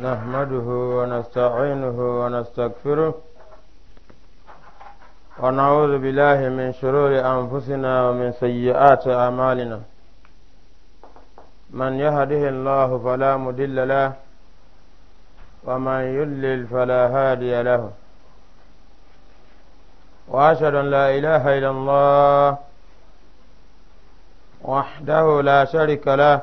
نحمده ونستعينه ونستغفره ونعوذ بالله من شرور أنفسنا ومن سيئات أعمالنا من يهده الله فلا مدل له ومن يلل فلا هادي له وأشهد أن لا إله إلا الله وحده لا شريك له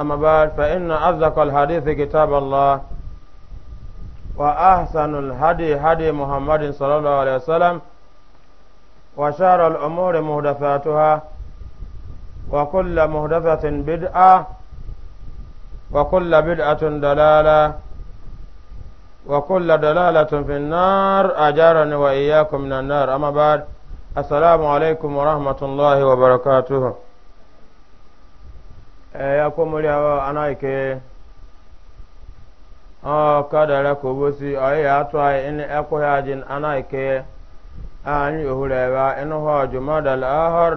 أما بعد فإن أصدق الحديث كتاب الله وأحسن الهدي هدي محمد صلى الله عليه وسلم وشار الأمور مهدثاتها وكل مهدثة بدعة وكل بدعة دلالة وكل دلالة في النار أجارني وإياكم من النار أما بعد السلام عليكم ورحمة الله وبركاته Eh, akomori awo anaike ọ kadara ka obosi ọyị ya atụ anyị ịnị ekwụghị ajị anaike anyị ohuru ebe ha ọjụmadal ahọr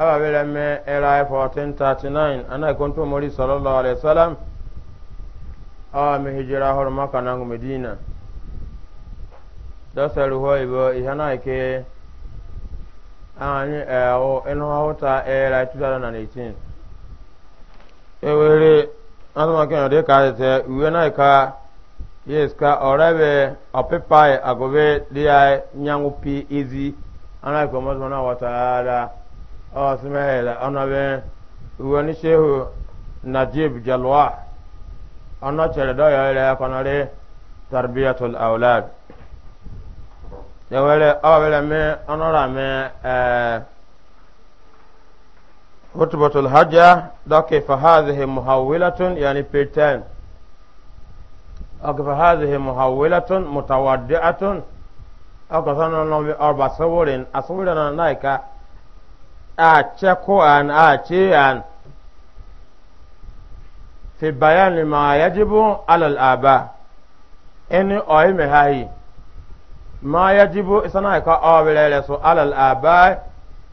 ababere mme ịra 1439 anaike ntụ omori sallallahu alaihi salam ọ mehijira ahụrụ maka na medina dọsara hụ ibo ihe anaike anyị ịnụhụ ahụta ịra 2018 ewere anụmanụ dị ka ete uwe na ka yes ka ọrebe ọpịpa agụbe dị ya nyanwụ pi izi ana ka ọmọdụ na wataala ọnọdụ ọnọbe uwe ni shehu najib jalwa ọnọ chere dọya ere akọnọrị tarbiyatul aulad ewere ọbịla mee ọnọrọ mee ee خطبة الحجة دوك فهذه محولة يعني بيتين أك فهذه محولة متودعة أك سنن أربع صور أصورنا نايكا أتشكو أن أتشي أن في بيان ما يجب على الآباء إني أوي مهاي ما يجب إسنايكا أو بلالسو على الآباء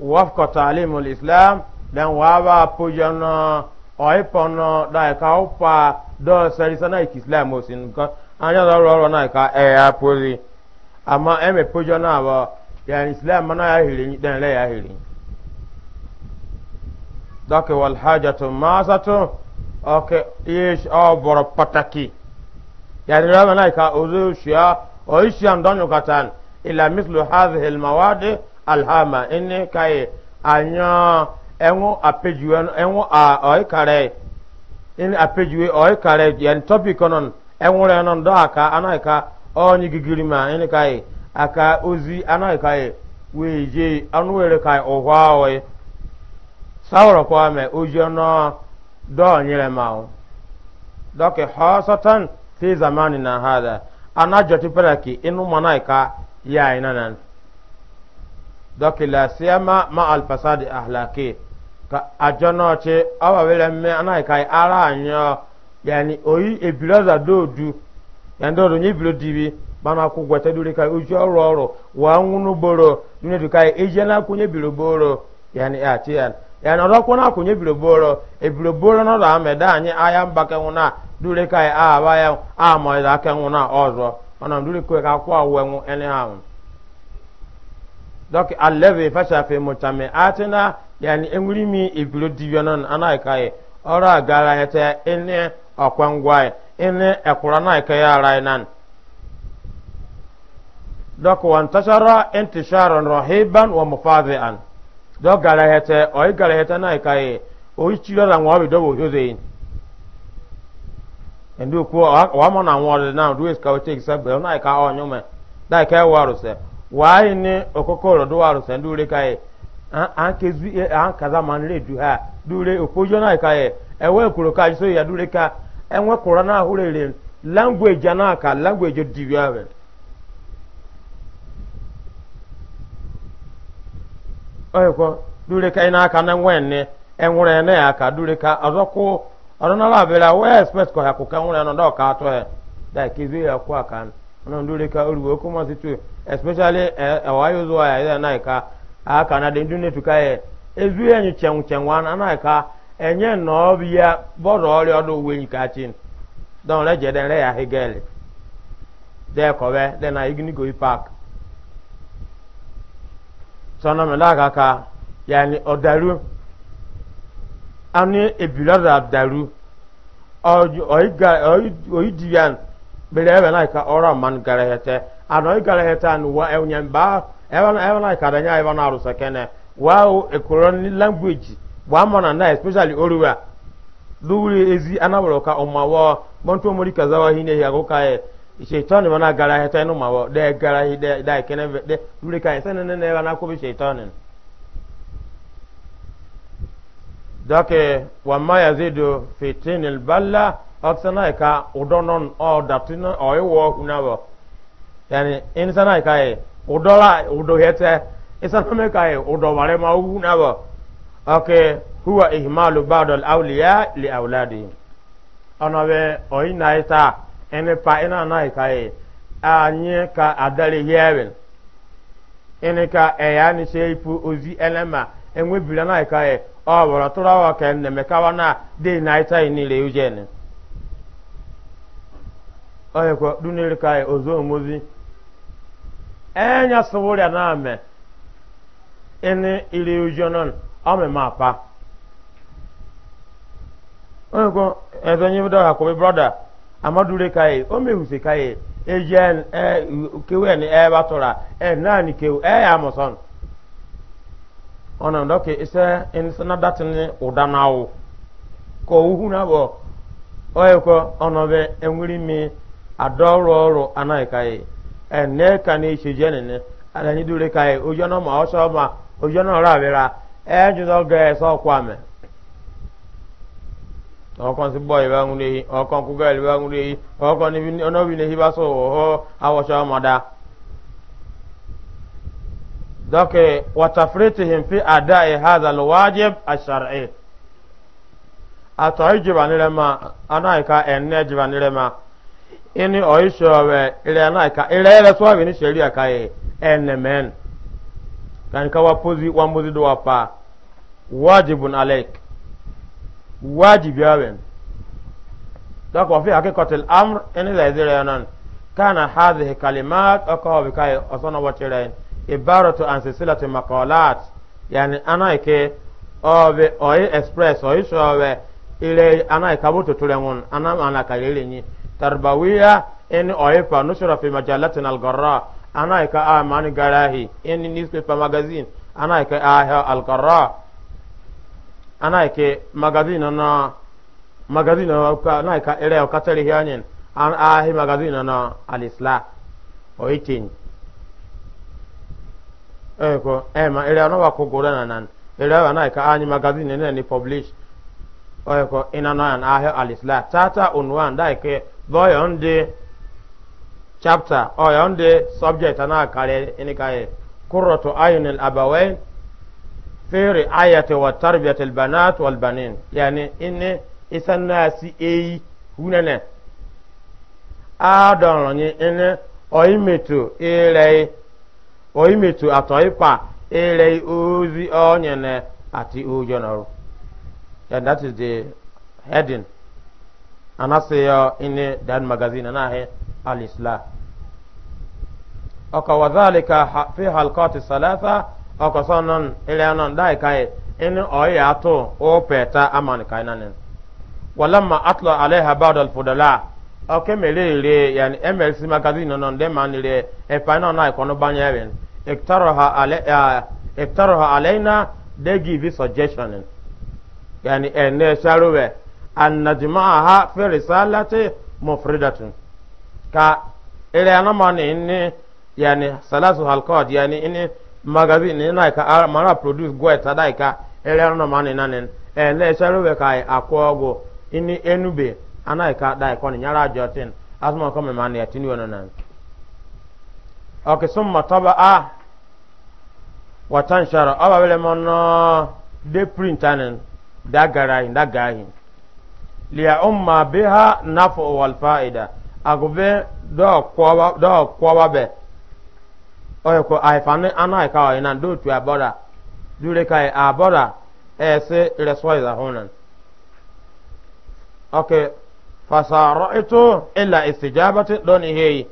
wafka ta'limul islam dan waba pujono uh, oipono uh, da ka upa do sarisana islam osin ka anya da ro ro na ka ya islam mana ya hiri dan le ya hiri dake wal hajatu masatu oke ish o boro pataki ya ro na ka ozu shia oishan donyo katan ila mislu hadhihi al mawadi alhama ene kai anyo enwo apejuwe enwo a oikare in apejuwe oikare yan topic onon enwure non do aka anaika onyi gigirima ene kai aka ozi anaika e weje anwere kai ohwa oyi sawro kwa me oji ono do nyere mawo doke khasatan fi zamanina hada anajoti peraki inu manaika ya inanan dɔki la siyama ma alfasadi ahlaki ka a jɔnɔ ce awa wele mɛ ana ka yi ara yani oyi ebilo do du yani do do nyi bilo dibi bana ku duri ka uju ọrụ wa ŋunu boro du ka yi e nye bilo boro yani a ti na nye bilo boro ebilo boro do amɛ da anyi aya ŋuna duri ka yi yi da ŋuna ɔzɔ duri donc alladhi fasha fi mujtami'atina yani enwiri mi ibiro diyonon ana ikaye ora gara yata ene akwangwaye ene ekura na ikaye ara nan donc wa antashara intisharan rahiban wa mufadhi'an donc gara yata oy gara yata na ikaye oyi chiro ra nwa bido bo hozein ndu ko wa mo na nwa na do is ka o take sabe na ikaye onyo me da ikaye waruse wayi ni okokoro do waru sen dure kai an kezu e, an kaza man re du ha dure opojo na kai ewe kuro ka so ya dure ka enwe kuro na hurere language na ka language diwa be oyo ko dure kai na aka na nwenne enwure aka ya ka dure ka azoko ọdún náà bẹ̀rẹ̀ wọ́n expect kọ̀ ẹ̀kọ́ kan wọn ẹ̀nà dọ́ọ̀ka tó ẹ̀ dá kezu ẹ̀kọ́ àkàn aka dúró ká ka kó mọ̀ sí tó especially awayo zuwa ya idan nai ka aka ah, na de dune tu kai ezu ya nyu chen chen wa na nai ka enye no bia boro ori odo we nyi ka chin don le jeden re ya hegel de ko be de na igni go park so na me la ka ka yani odaru ani ebilara daru oyi oyi diyan bele ebe nai ka ora man garahete anoi kala hetan wa ewnyan ba ewan ewan kada nya ewan aru wa ekuron language wa na especially oruwa duri ezi anabro ka bonto mori kazawa hine ya go kae shaitan gara hetan no de gara hi de kene de duri kae sene ne ne na ko bi shaitan dake wa ma yazidu fitin alballa aksana ka udonon o datina yani insana kai udola udohete insana me kai udoware ma ugu na bo okay huwa ihmalu ba'd al awliya li awladi ana be oina ita ene pa ina na kai anye ka adare yewen ene ka eya ni seipu ozi elema enwe bila na kai o boro turawa ken ne mekawa na de na ita ni le ujene oyeko dunere kai ozo mozi enya sụbụrịa na ame ịnị iri ujo nọ ọmịma onye eze nye dọla kwụbị amadure kaye o mehuse e kaye eji kewe ni ẹ bá tọra ẹ náà ni kewu ẹ yà ụda ọ̀nà ndọ́kì iṣẹ́ na ni Ene ka ni se je nini a na eni lura ka e ojona mu a osa obama ojona ra rira eji so ga e so kwame okon si boye ba nwunye ihe okon ku gaa elu gba nwunye ihe okon ni onobinne ihe ba so owo awosho omoda. dok e watapiriti him fi ada e haza lo waje a shara'e ato hi jiba nirema ana ika enne jiba n ini oisho we ile na ka ile ile so abi ni sheria ka e enemen kan ka wa pozi wa mozi do apa wajibun alaik wajibi awen da ko fi hakikati al-amr ini la izira nan kana hadhihi kalimat akaw bi kai osona wa tirain ibaratu an silsilati maqalat yani ana ke obe oy express oisho we ile ana ka butu tulengun ana ana ka ile tarbawiya in oifa nusura fi majalatin algarra ana ka a mani garahi in newspaper magazine ana ka a algarra ana ka magazine na magazine na ka ere ka tare hianin an a hi magazine na alisla oitin eko ema ere na wa ko gora nan ere ana ka ani magazine ne ni publish eko ina na an a alisla tata unwan dai ke Boy, on the chapter or on e the subject náà kare ẹnìkàyẹ kúrọ̀tù e ayinil Fere fèrè ayẹtẹ wà tarbiyat albanat walbanin yẹni ẹni isan náà si eyi hunanẹ aadọ̀rọ̀ ni ẹni ọ̀yìmẹ̀tò ẹ̀rẹ̀ ọ̀yìmẹ̀tò àtọ̀yìpà ẹ̀rẹ̀ ozi ọ̀nyẹ̀nẹ̀ àti ojọ́nọ̀rọ̀ and that is the heading ana se seyo ine dan magazine na he al islah aka wadhalika fi halqati salasa aka sanan ile anan dai kai ine oya ato o peta aman kai nanen walamma atla alaiha ba'd al fudala aka melele yani mlc magazine non de manire e fana na ikono banyeven iktaraha alaiha iktaraha alaina de give suggestion yani ene sharuwe an najma'aha fi risalati mufridatun ka ire ana mani inni yani salasu halqat yani inni magabi ni na ka mara produce go eta dai ka ire ana mani nanen e na ka we kai akwogo inni enube ana ka dai ko ni nyara jotin asma ko me mani atini wononan okay summa taba'a wa tanshara aba bele mono de printanen dagara indagahin liya umma biha nafu wal fa'ida agube do kwaba do kwaba be oye ko ay fane ana ka o ina do tu abora dure kai abora ese resoi da honan okay fasaraitu illa istijabati don hei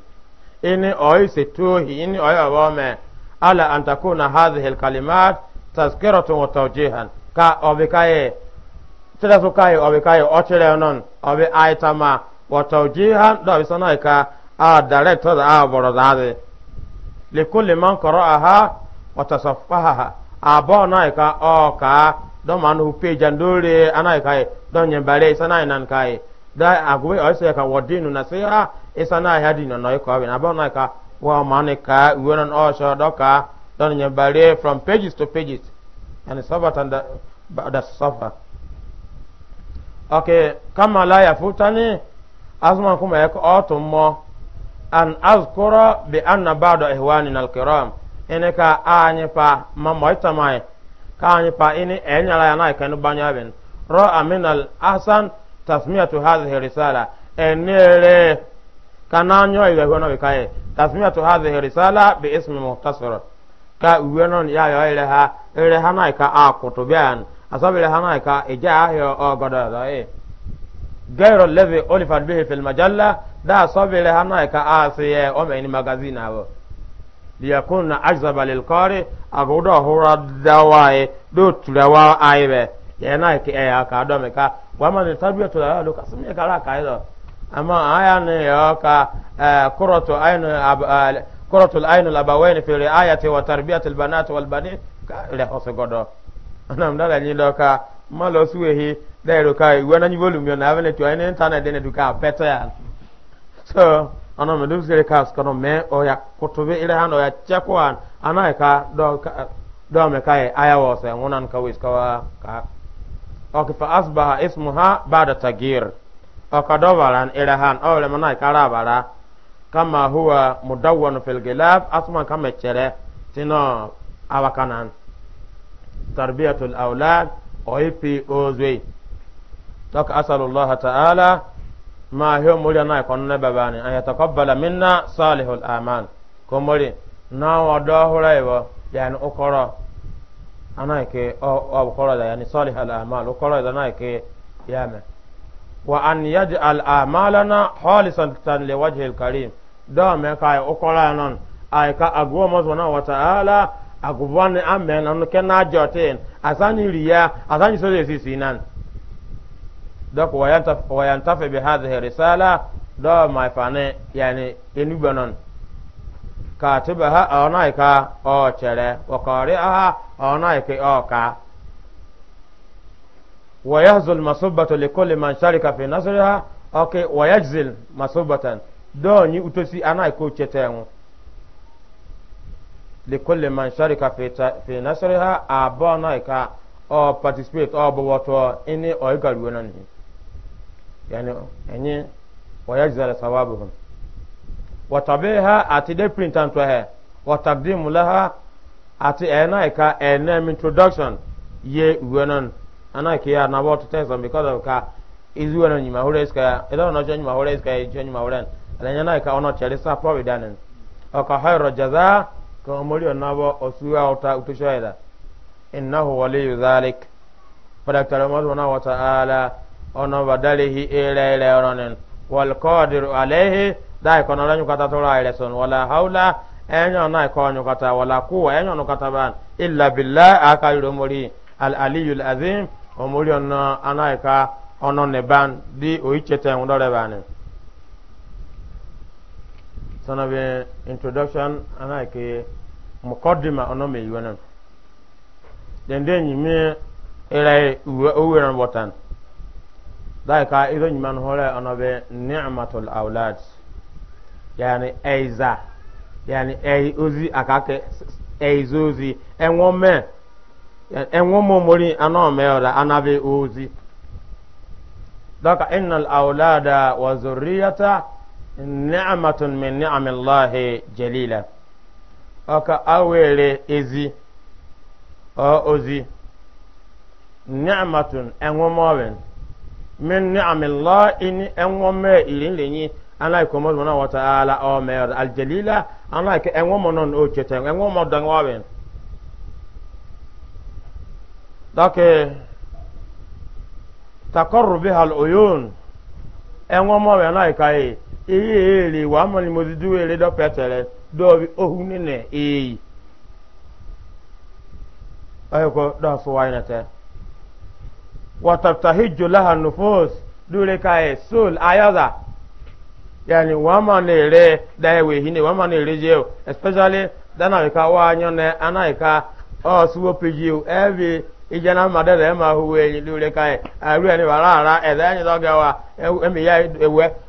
ini oyi se tuhi ini oyi awome ala an takuna hadhihi al kalimat tazkiratun wa tawjihan ka obikaye tɩra so kae a be kae o tɩrɛ non a be aitama wa tawjihan ɗo a be sõna ka a direct a borodaade likulli man qara'aha wa tasaffahaha a bɔ na ka ɔ ka dɔ man hu pejan dore ana ka dɔ nyɛ bare sana nan ka da agwe o se ka wadinu nasiha isana ya dinu no ko be na bɔ na ka wa man ka wonan o so dɔ ka dɔ nyɛ bare from pages to pages and sabata da da safa okay kama la yafutani azuma kuma ya ko oto mo an azkura bi anna ba'da ihwanina alkiram ene ka anye pa ma moita mai ka anye pa ini enya la na ikanu banya ben ro aminal ahsan tasmiyatu hadhihi risala enere kana nyo ile hono bikaye tasmiyatu hadhihi risala bi ismi muhtasar ka uwe non ya yo ile ha ile ha na ka akutubian asabiri hana ka ija ahio o godo do e gairo levi olifat bihi fil majalla da asabiri hana ka asiye o me ni magazine abo liyakunna ajzaba lil qari agodo hura dawae eh, do tulawa aibe yana ke e eh, aka do me ka wama ni tabia tulawa lo kasmi kala ka ido ama aya ne yo ka qurratu aynu qurratul aynu labawaini fi riayati wa tarbiyati al banat ka le hosogodo nam dala ni loka malo suwehi dero ka iwe na nyivolu mio na avene tu ene internet ene duka peto ya so ana me dum sere kas kono me o ya kotobe ile ha o ya chakwan ana ka do do me kai aya wo se ngunan ka wis ka ka ok fa asbaha ismuha ba'da tagir akadobalan ile han o le manai kara bara kama huwa mudawwan fil gilab asma kama chere tino awakanan tarbiyatul aulad oipi ozwe toka asalullaha ta'ala ma hiyo mulya na ikonu na babani an yatakabbala minna salihul aman ko muli na wado hura ibo yani ukoro ana ke o ukoro da yani salihul amal ukoro da na ke yame wa an yaj'al amalana khalisan liwajhil karim do me kai ukoro non ay ka agwo mazona wa ta'ala agubɔni amɛn na nukɛ naa jɔten asani riya asani sɔsɛ sisi nan dɔk wayantafe bi hadhihi risala dɔɔ maifane yani enugbanon katibaha ɔnai ka ɔɔkyɛrɛ wakɔɔri aha ɔnai ka ɔɔka wayahzul masubatu likulli man sharika fi nasriha ɔke wayajzil masubatan dɔɔ nyi utosi anai ko kyetɛŋu likulli man sharika fi, fi nasriha a bɔ na ka o participate o bɔ wɔtɔ ini o yi galuwe na ni yani enyi o ya jizala sababu hun ati de print an to he watabi mulaha ati ena ka ena introduction ye wenan ana ke ya na wɔtɔ tɛnsa because of ka izu wenan nyima hore iska ida ona jɔ nyima hore iska ye jɔ nyima hore ala nyana ka ona chere sa providence o ka hayro ka omori onabo osuwa ota utushoyeda innahu waliyu dhalik padaktari omar na wa ta'ala ono badalihi ila ila ononin wal qadiru alayhi dai kono lanyu kata tola ile son wala haula enyo na ko nyu kata wala kuwa enyo no kata ban illa billah aka yuro mori al aliyul azim omori onno anaika ono ne ban di oichete ngondore banin sana be introduction ana ke mukaddima ono me yiwanan den den yi me ere uweran watan dai ka ido yi man hore ono be ni'matul awlad yani aiza yani ai ozi akake ozi enwo me enwo mo mori ana me ora ana be ozi daka innal awlada wa zurriyata ni'matun min ni'amillahi jalila ọka awere ezi ọ ozi ni'matun enwomọrin min ni'amillahi ni enwome irinlenyi ana ko mo na wata ala o me al jalila ana ke enwomo non o chete enwomo dangwawen dake takarru biha al uyun enwomo we na kai ere wa amali mo du ere do petere do bi ohun ne e ayo ko wa ina te wa tabtahiju laha nufus dure ka e sul ayaza yani wa ma ne re da hine wa ma ere re especially dana ka wa anyo ne ana ka o suwo peji o every mmadụ da ma hụ enyi dure ka e aru ene ara ede enyi do emi ya ewe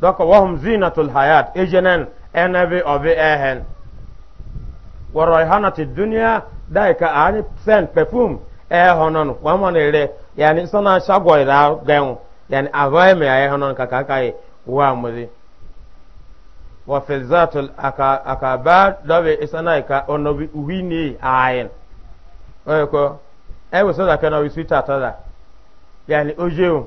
dɔk wɔhum zinatul hayat ejenen ɛnɛbi ɔbi ɛhɛn wɔrɔihanati duniya dai ka ani sɛn pɛfum ɛhɔnɔn wɔmɔn ere yani sɔna shagɔira gɛn yani avɔye mi a ɛhɔnɔn kaka ka ye wa muzi wɔfizatul aka akaba dɔbi isana ka ɔnɔbi uhini ayin ɔyɛ ɛwusɔ da kɛnɛ ɔbi suita da yani ojeun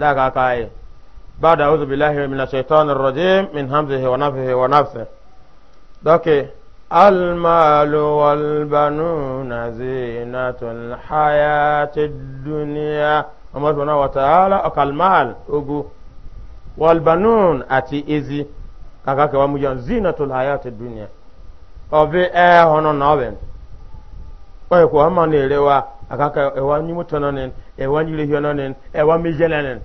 ذاك أكاي بعد أعوذ بالله من الشيطان الرجيم من همزه ونفه ونفسه دوكي المال والبنون زينة الحياة الدنيا أما سبحانه وتعالى أكالمال أقو والبنون أتي إزي kakake wa mujan zinatul hayati dunya obe eh hono noben oye ko ama ne rewa akaka ewa nyimutono nen ewa nyile hiyo nonen ewa mijelenen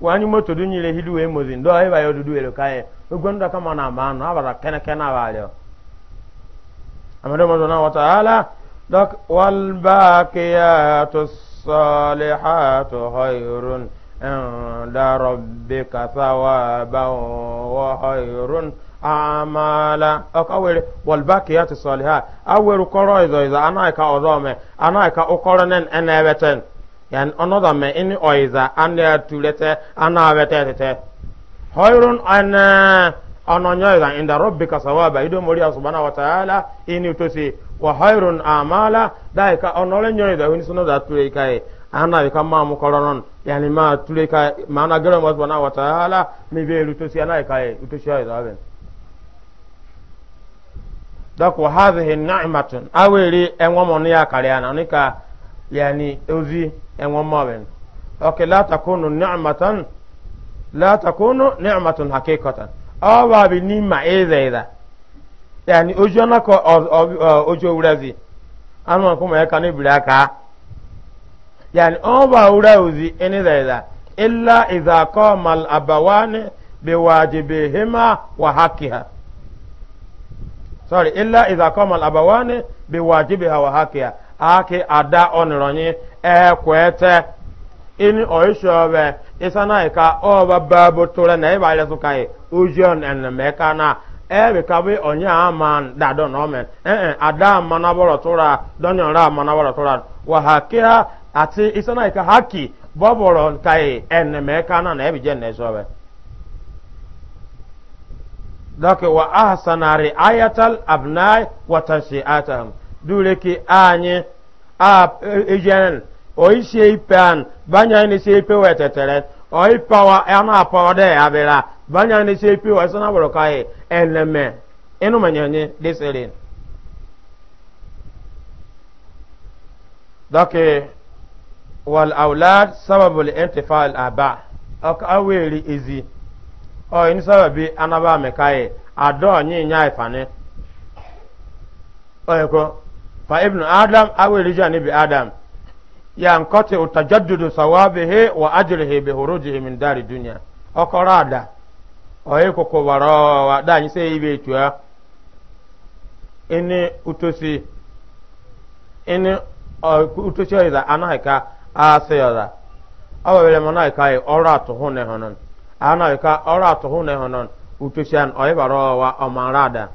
wani moto du nyile hidu we mozi ndo eba yo dudu elo kae ugonda kama na mano abara kene kene abalyo amado mo na wata ala dak wal baqiyatu salihatu khairun inda rabbika thawaban wa khairun amala ọkọ awere wọlbaki ya tisọli ha awere kọrọ ịzọ ịzọ anaghịka ọzọ me anaghịka ụkọrọ nen ene eweten ya ọnọdọ me ịnị ọịza ana tulete, ana aweta etete hoirun ana ọnọnyọ ịza inda robbi kasawaba ido mori asubana wataala ịnị utosi wa hoirun amala daika ọnọrọ nyọ ịza ịhụ sunu da tule ikaye ana bika ma mu kọrọnọn yani ma tule ka ma ana gẹrẹ mọ asubana wataala mi bẹ ilutosi anaghịka utosi ọịza ọbịa dɔk wa hadhihi ni'matun aweri enwɔmɔ ne ya kariya na ne ka yani ozi enwɔmɔ bɛn ok la takunu ni'matan la takunu ni'matun hakikatan awa bi ni ma eza eza yani ojo na ko ojo wurazi anu ma kuma ya ka ne bira ka yani awa wura ozi ene eza eza illa idza qama al abawani biwajibihima wa ha. sorry illa idha qama al bi wajibi wa hakiha ake ada onironyi e kwete ini oishobe isana ka oba babu tore na ibale sukai ujon en meka na ebe ka bi onya aman da nomen omen eh eh ada manaboro tura donyon ra manaboro tura wa hakiha ati isana ka haki boboro kai en na na ebi jen na isobe dɔke wa ahsana ri'ayatal abnai wa tashi'atahum dure ki anye a ejenen e, o ise ipan banya ni se ipe wa tetere o ipa wa ana apa wa abira banya ni se ipe wa sana boro kai enleme inu manyanye desere dɔke wal aulad sababul intifal aba aka aweri izi ọ yi nisaba bi anaba meka yi adọ nya ọ yẹkọ fa ibnu adam awo elija ni bi adam ya nkọti utajadudu sawabihi wa ajirihi bi hurujihi min dari dunya ọkọrọ ada ọ yi koko da ibe utosi ọ ọ ọ ọrụ atụ hụ na ana ka ora to hune honon utushan oy baro wa omarada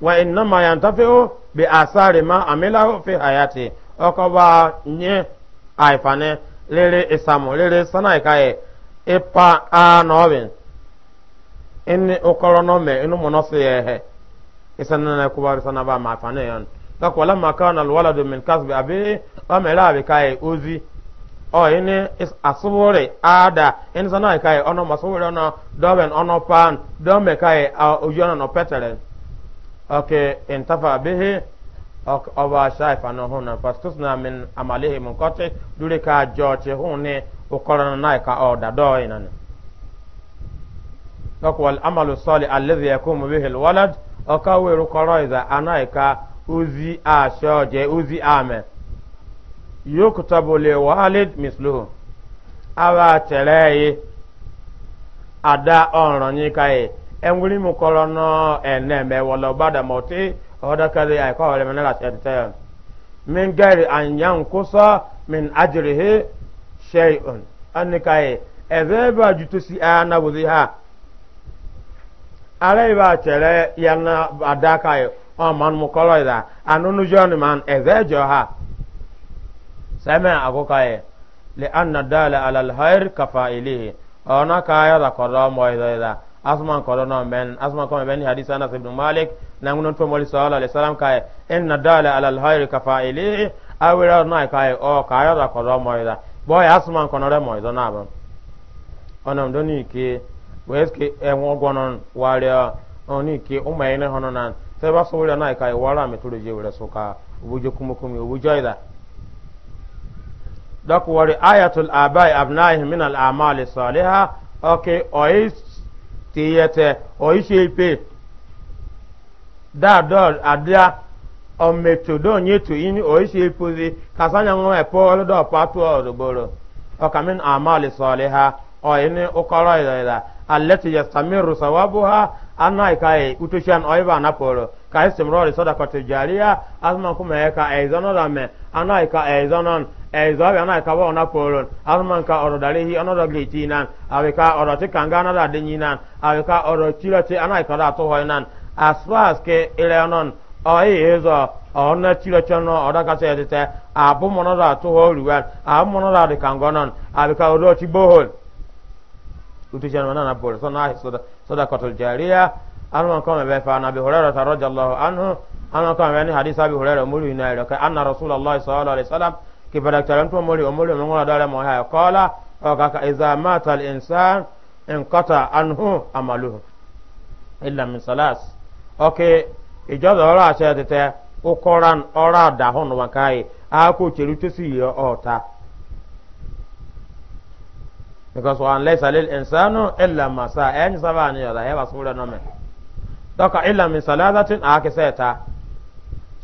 wa inna ma yantafi'u bi asari ma amilahu fi hayati okoba nye aifane lele isamu lele sana kai ipa anobin inni okoro no me inu mono se ehe isana na kuba sana ba ma afane yon tak wala makana alwaladu min kasbi abi wa mela bi kai uzi o ene is asubore ada en sana kai ono masubore ono doben ono pan do me kai ojona no petelen okay intafa bihi ọba shaifa no hona pastus na min amalihi mun kote dure ka joche hone ukoro na ka oda do ina ne dok wal amalu salih alladhi yakumu bihi alwalad akawe rukoro iza anaika uzi ashoje uzi amen yuktabu li walid misluhu aba tere ada ọrọ nyi ka ye mu kọrọ nọ ene me wala bada moti oda kare ai min gari kusa min ajrihi shay'un an ka ye ebe ba si ana ha. ara ba na ada ka ma eze ha sɛmɛ agoka ye li anna dala ala alhair kafa ilihi ona kaya da kodo moy da asman kodo no men asman ko ben hadith anas malik na ngunon to moli sallallahu alaihi kaya inna dala ala alhair kafa ilihi awira kaya o kaya da kodo moy asman kono re moy do na ba ona ndoni ke weske enwo eh, gonon wale oni ke umayne hononan sai ba so wala na kaya wala metulu je wala soka ubuje kumukumi ubuje ida. dok wari ayatul abai abnahi min al amali saliha ok oyi tiyete oyi shepe da dol adia ometo do nyeto ini oyi shepozi kasanya ngwa epo olodo patu odoboro oka min amali saliha oyi ni ukoro ida ida allati yastamiru sawabuha anai kai utushan oyi ba naporo ka istimrori sadaqati jariya asman kuma ya ka aizanon rame ana ka aizanon aizabi ana ka wona polon asman ka oro dalehi ana da glitinan awe ka oro ti kangana da dinyinan awe ka oro tirati ana ka da as far as ke ilenon oyi ezo ona tirati no oda ka se tete abu mono da to horuwa abu mono da kangonon awe oro ti bohol utu janwana na bol so na sadaqatul jariya anu kan be fa na bi hurairah radhiyallahu anhu anu kan be ni hadith abi hurairah muri na ira ka anna rasulullah sallallahu alaihi wasallam ki bada taran to muri umuri mun wala dare mo ha qala o ka ka iza mata al insan in qata anhu amaluhu illa min salas okay ijo do ra se tete o koran ora da hono wa kai a ko doka illa min salatatin a haka sai ta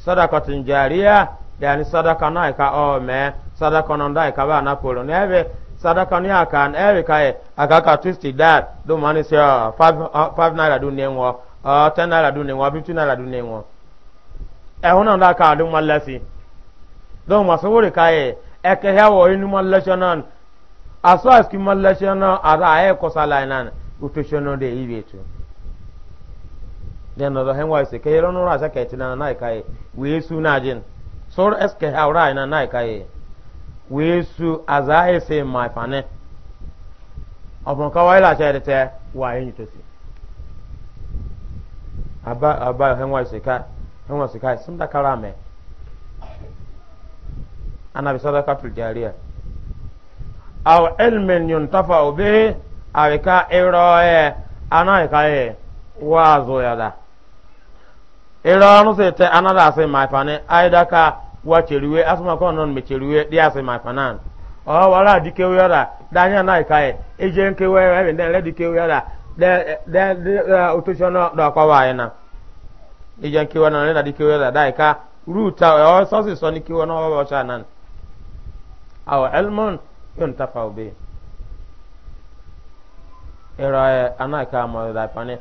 sadakatin jariya da ni sadaka na ka o me sadaka non dai ka ba na polo ne be sadaka ni aka an e ka e aka ka twisti da do mani se 5 uh, uh, naira do ne wo 10 naira do ne wo 15 naira do ne wo e hono da ka do mallasi do masuri ka e e ke ha wo inu mallasi non aso aski mallasi non ara e ko sala nan utoshono de ibetu den no hen wise ke hero lonu ra sa ke tina na kai wee su na jin so es ke ha ra na na kai wee su aza he se my pane obon ka wa ila se te wa yin to si aba aba hen wise ka hen wise ka sun da kara me ana bi sadaka tul jariya aw ilmin yuntafa bihi awika iroye ana kai e, wa zo ya da iranu si te anada asị mai fane aida ka wa cheriwe asuma ko non me cheriwe di ase mai fanan o wala dike we yara danya na kai eje nke we e we den le dike we yara de de utushono do kwa wa eje e nke na le dike we yara dai ka ruta o so si so ni ki we no wa sha nan aw ilmun yuntafau bi ira e, anaka ma da fane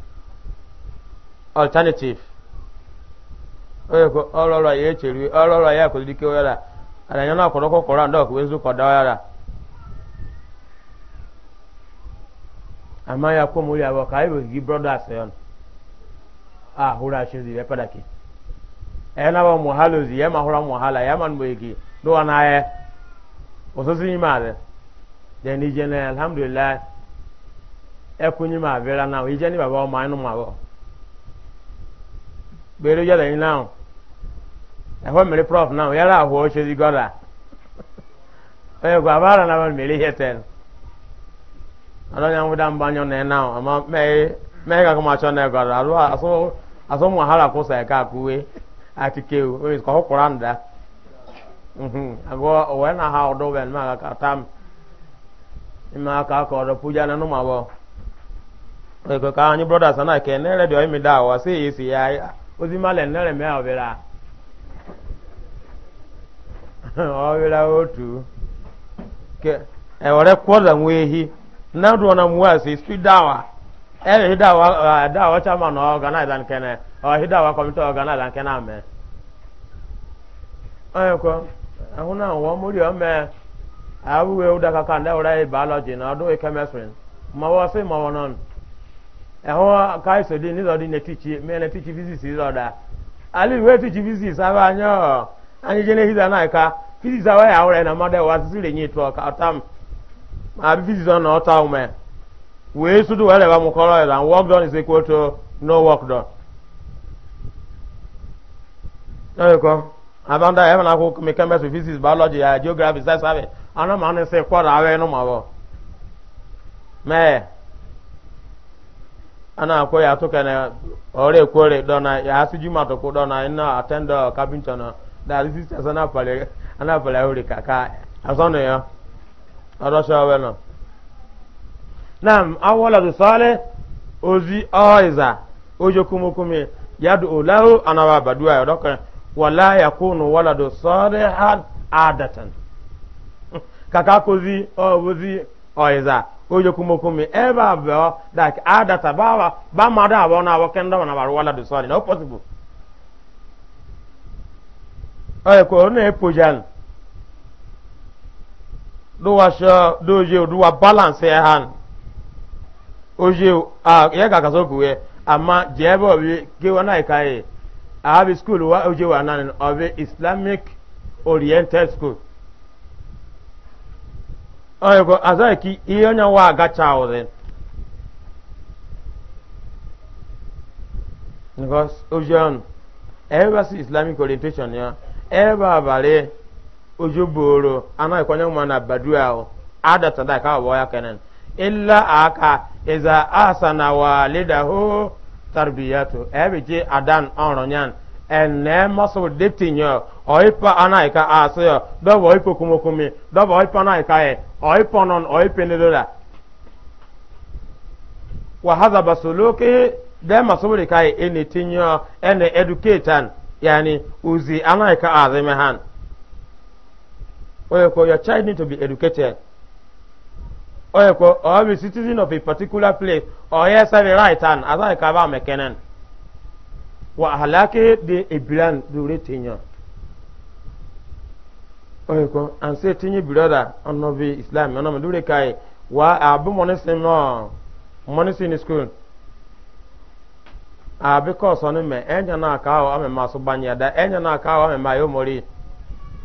alternative onye ko ọlọrọ ya echeri ọlọrọ ya kwụrụ dike oyara ana anya na-akwụrụ ọkụ kwụrụ ndị ọkụ nzukọ da oyara ama ya kwụ mụrụ abụọ ka anyị bụ gị brothers ya nọ a hụrụ achịzi ya padaki ya e na bụ mụhala ozi ya ma hụrụ mụhala ya ma mgbe gị dụwa na ya ụsụsụ ime adị dị n'ije na alhamdulillah ekwunye ma abịara na ije n'ịbaba ọma anụ ma abụọ gbèrè yàrá yín náà ẹ̀fọ́ mèrè prof náà yàrá àhùwà ọ̀ṣẹ́ sí gọ́dà ẹ̀yẹ kò àbára na. mèrè yẹ tẹ̀ ọlọ́ni àwọn ọ̀dà ń bá yọ̀ náà náà àmọ́ mẹ́yẹ ga máa ṣọ́ náà gọ́dà àṣọ mu àhàrà kó sàyẹ̀ káàkúwé àti kéwù omi kò kó kóra nda àgọ́ ọ̀wẹ́ náà ha ọ̀dọ́ wẹ̀ ní màkà tam ìmọ̀ àkà kọ̀ ọ̀dọ̀ pújà nínú màbọ̀ ẹ̀kọ́ káwọn ní brọ́dà sanáà kẹ́ ẹ̀ ní ẹ̀rẹ́dì ya. ozi male n'ere mee ọbịra ọbịra otu ke ewere kwọza nwe ehi na ndụ na mwe asị isi dawa e, ehi dawa dawa chama na ọganaiza nke na ọhi dawa kọmita ọganaiza nke na ame ọnyekwa ahụ na nwa mmiri ọmee abụghị ụda kaka ndị ọrụ anyị biology na ọdụ kemistri ma ọ sị ma ọ nọ ɛhɔ kaiso di ni lɔdi netichi mɛ netichi physics lɔda ali wo etichi physics ava nyɔ anyi jele hiza na ka physics awa ya awura na mɔdɛ wa sisi le nyi tɔ ka ɔtam abi physics ɔna ɔta wumɛ wee sudu wɛlɛ ba mu kɔrɔ yɛ la work done is equal to no work done. ɛyɛ kɔ abanda yɛ fana ko mi chemistry physics biology ya geography sɛ sábɛ ɔna maa ni sɛ kɔda awɛ ɛnu ma bɔ mɛ ana ko ya to kana ore kore dona ya su juma to ko dona ina atenda kabinta na da sister sana pale ana pale ore kaka asona ya aro shawe na nam awala du sale ozi oiza ojo kumu kumi yadu ulahu ana wa badua ya dokan wala yakunu waladu salihan adatan kaka kozi ozi oiza ojo kumo kumi eba bo like ada tababa ba mada abo na awoke kenda na baro wala do sori no possible ay ko na epojan do wa sho do je do balance e han oje a ye ga kaso kuwe ama je bo bi ke wona e a bi school wa oje wa nan of islamic oriented school ọyọkọ azaiki ihe onye nwa agacha ụdị because ojian ebe si islamic orientation ya ebe abalị ojú boro anaghị kwanye mma na badu ahụ adata ka ọbọ ya kenan ịla aka iza asana wa lidahu tarbiyatu ebe ji adan ọrụnyan ene maso dipti nyo oipa anaika asoyo ah, dobo oipo kumukumi dobo oipa anaika e eh. oipo non oipe nidola wa hadha basuluki de masubuli kai eni tinyo ene educatan yani uzi anaika azime ah, han oyeko your child need to be educated oyeko or be citizen of a particular place or oh, yes have a right hand as i cover mekenen wa ahlaki de ebiran dure tinya oye ko an se tinyi biroda ono bi islam ono dure kai wa abu monisin no monisin school abi ko so ni me enya na ka o ame maso banya da enya na ka o ame ma yo mori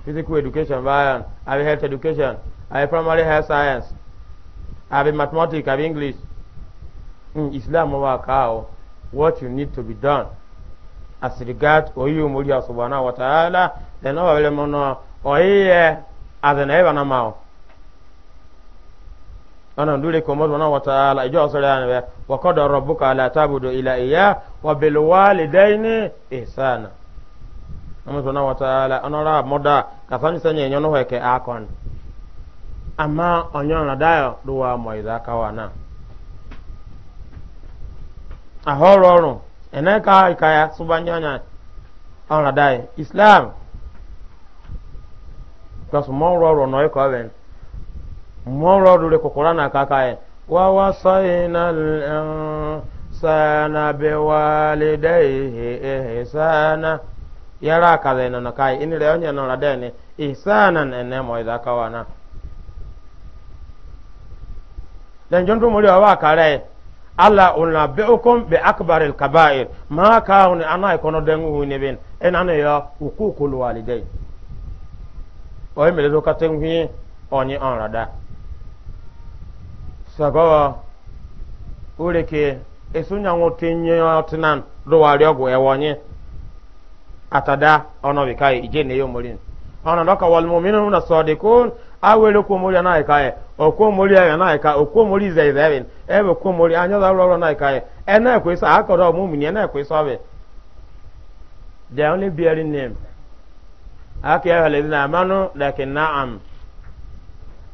physical education bayan abi health education abi primary health science abi mathematics abi english mm, islam wa ka what you need to be done asirigat oyi omori asubana wataala lẹnu ọba wẹlẹ mọnà ọyí yẹ azẹnà ẹ bana ma o ọnà ndúlẹ kọ mọsùn wataala ìjọ ọsọrọ yà nìbẹ wọkọdọ rọbùkà àlàtàbùdọ ìlà ìyá wàbẹlẹwà lẹdẹyìnì ìsànà mọsùn náà wataala ọnọrọ àmọdà kàfáàní sẹyìn ẹyìn ọnà wẹkẹ àkọn àmà ọnyọrọ dáyọ ló wà mọ ìdákàwà náà àhọrọ ọrùn ene ka ikaya suba nyonya ala dai islam kasu mawro ro no e ko ben mawro ro le ko qur'ana ka ka e wa wasaina al sana bi walidayhi ihsana yara ka e. le no kai ini re onya no la dai ni e. ihsana ne mo iza ka wana dan jondu mo le wa ka re ala una bi'ukum bi akbaril kaba'ir ma ka hun ana ikono dengu hune ben en ana ya hukukul walidain o emele do katen hu onyi onrada sagawa ureke esunya ngotenye otinan do wari ogu ewonye atada ono bikai ije ne yo mulin ona doka wal mu'minuna sadiqun awele ko mulya na ikaye okwomori aya na ka okwomori ize ize ebe okwomori anya na ka e na ya na only bearing name aka ya alladhina amanu lakin na'am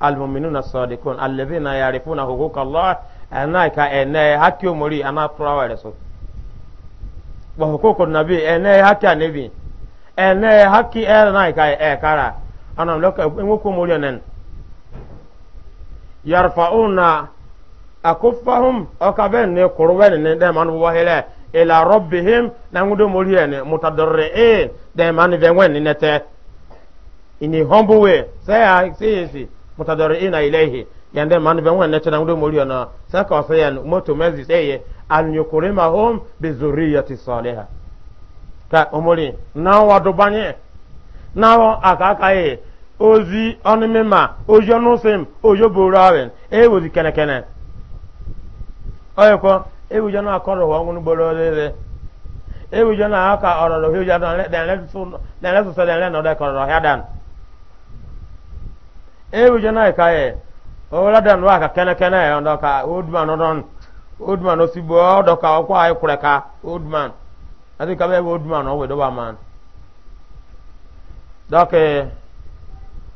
المؤمنون الصادقون الذين يعرفون حقوق الله أنا كأنا حكي مري أنا تراوى رسول وحقوق النبي أنا حكي النبي na حكي أنا كأنا yarfa'una akuffahum okaben ne de man wahele ila rabbihim nangudo moriene mutadarri'in de man venwen ne te in a humble way ilayhi yande man venwen ne nangudo moriona saka wasayan moto mezi salihah ta nawa dubanye nawa akakaye ozi ọnụmịma ozi ọnụsim ozi oburu awin ewuzi kenekene oyekwo ewuja na akọrọ wa ọnwụ gboro olele na aka ọrọrọ na nlesụsọ na nlenọ dị kọrọ ọhịa dan ewuja na ịka ya ọwụla dan wa aka kenekene ya ọdọ ka odman ọdọn odman ọkwa ka ebe man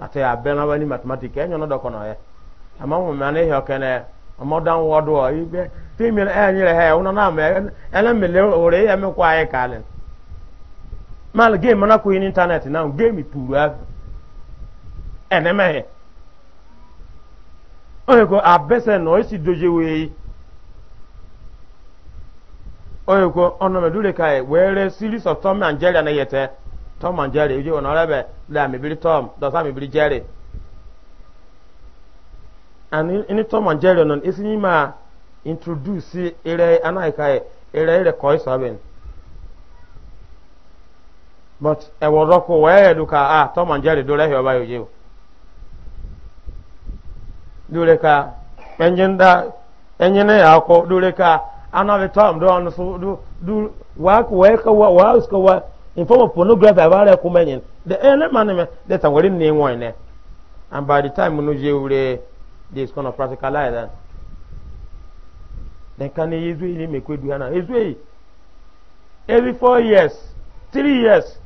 ate abena wani mathematic enyo no dokono ye ama mu mane he okene modern world war ibe timi na enyi le he una na me ele mele ore ya me kwa ye kale mal game na ku in internet na game puru a ene me o ko abese no isi doje we oye ko ono me dure kai were series of tom nigeria na yete tom and jerry ojú ọ̀nà ọ̀rẹ́bẹ̀ lẹ́yà tom dọ̀sá jerry and ní tom and jerry ọ̀nà esi ní ma introduce eré anáìka eré ìsọ̀bìn but ẹ̀wọ̀ rọ́kọ̀ wẹ́ẹ̀ ah tom and jerry dúró ẹ̀hìn ọba yòóyè o dúró ká ẹ̀yìn dá ẹ̀yìn náà yà kọ́ dúró ká anáwó tom dúró wàá in form of pornography aba ara kuma nyin the ene man me the name one won eh? ne and by the time no je ure this kind of practical that then kan yezu ni me kwedu na yezu yi every 4 years 3 years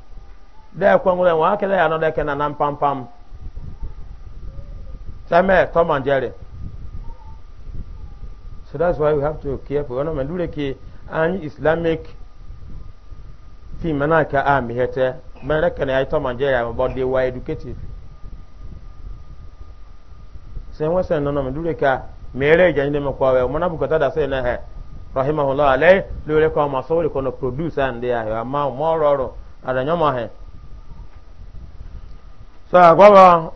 there kwa ngule wa akele ya no and kena na pam pam same tom and jerry so that's why we have to care for we no me dure ki islamic team mana ka a mi hete men reckon ay to man jaya but they were educated me dure ka ja kwa bu kota da se na he rahimahullah alay lure ko ma so ko no produce and there ma mo ada he so agwa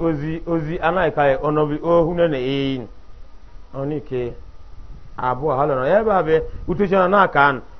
ozi ozi anai e, e kai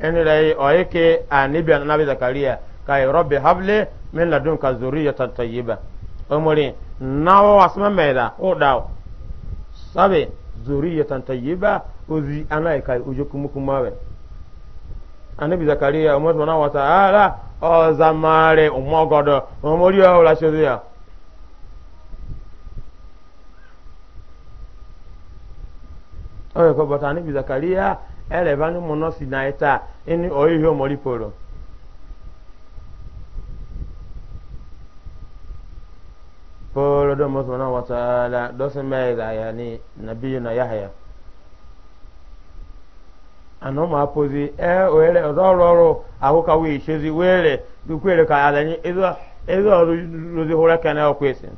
ɛni rɛ ɔye ke anibi anabi zakariya ka yi rɔbi habli min ladun ka zuri ya tattayiba omori nawo wasuma mɛda o daw sabi zuri ya tattayiba ozi ana yi ka yi ojo kuma kuma wɛ anabi zakariya o mɔtɔ wata ala ɔzamare umɔgɔdɔ omori o la sozi ya. oye kɔ bɔtɔ anabi zakariya ere banu muno sinaita ini oyiyo moriporo poro do mo subhanahu wa ta'ala do se meza yani nabiyuna yahya ana ụmụ apụzi ee ohere ọzọ ọrụ ọrụ ahụka wee chezi were dukwere ka ala anyị ezi ọrụ rozi hụrụ ekene ọkwesịrị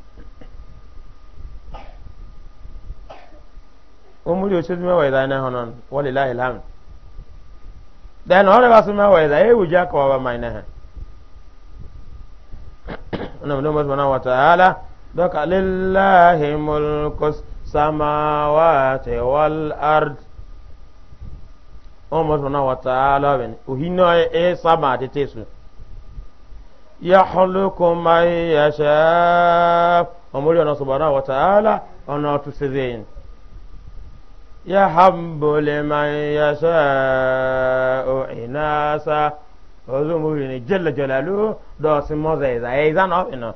umuri o chuzume wa idha na honon walilahi alhamd then ore basume wa idha e uja ko wa maina ha ona mdo mo subhanahu wa ta'ala doka lillahi mulku samawati wal ard ona mo subhanahu wa ta'ala ben uhino e sama tetesu yahluku man yasha umuri ona subhanahu wa ta'ala ona tusizeyin يحب لمن يشاء إناسا وزمرني جل جلاله دوس مزيزا إيزان أفنا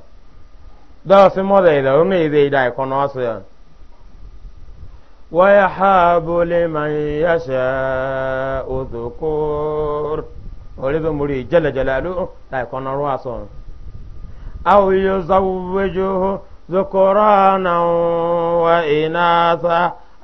دوس مزيزا وميزي دا يكون أصيان ويحاب لمن يشاء ذكور وزمرني جل جلاله دا يكون أصيان أو يزوجه ذكرانا وإناثا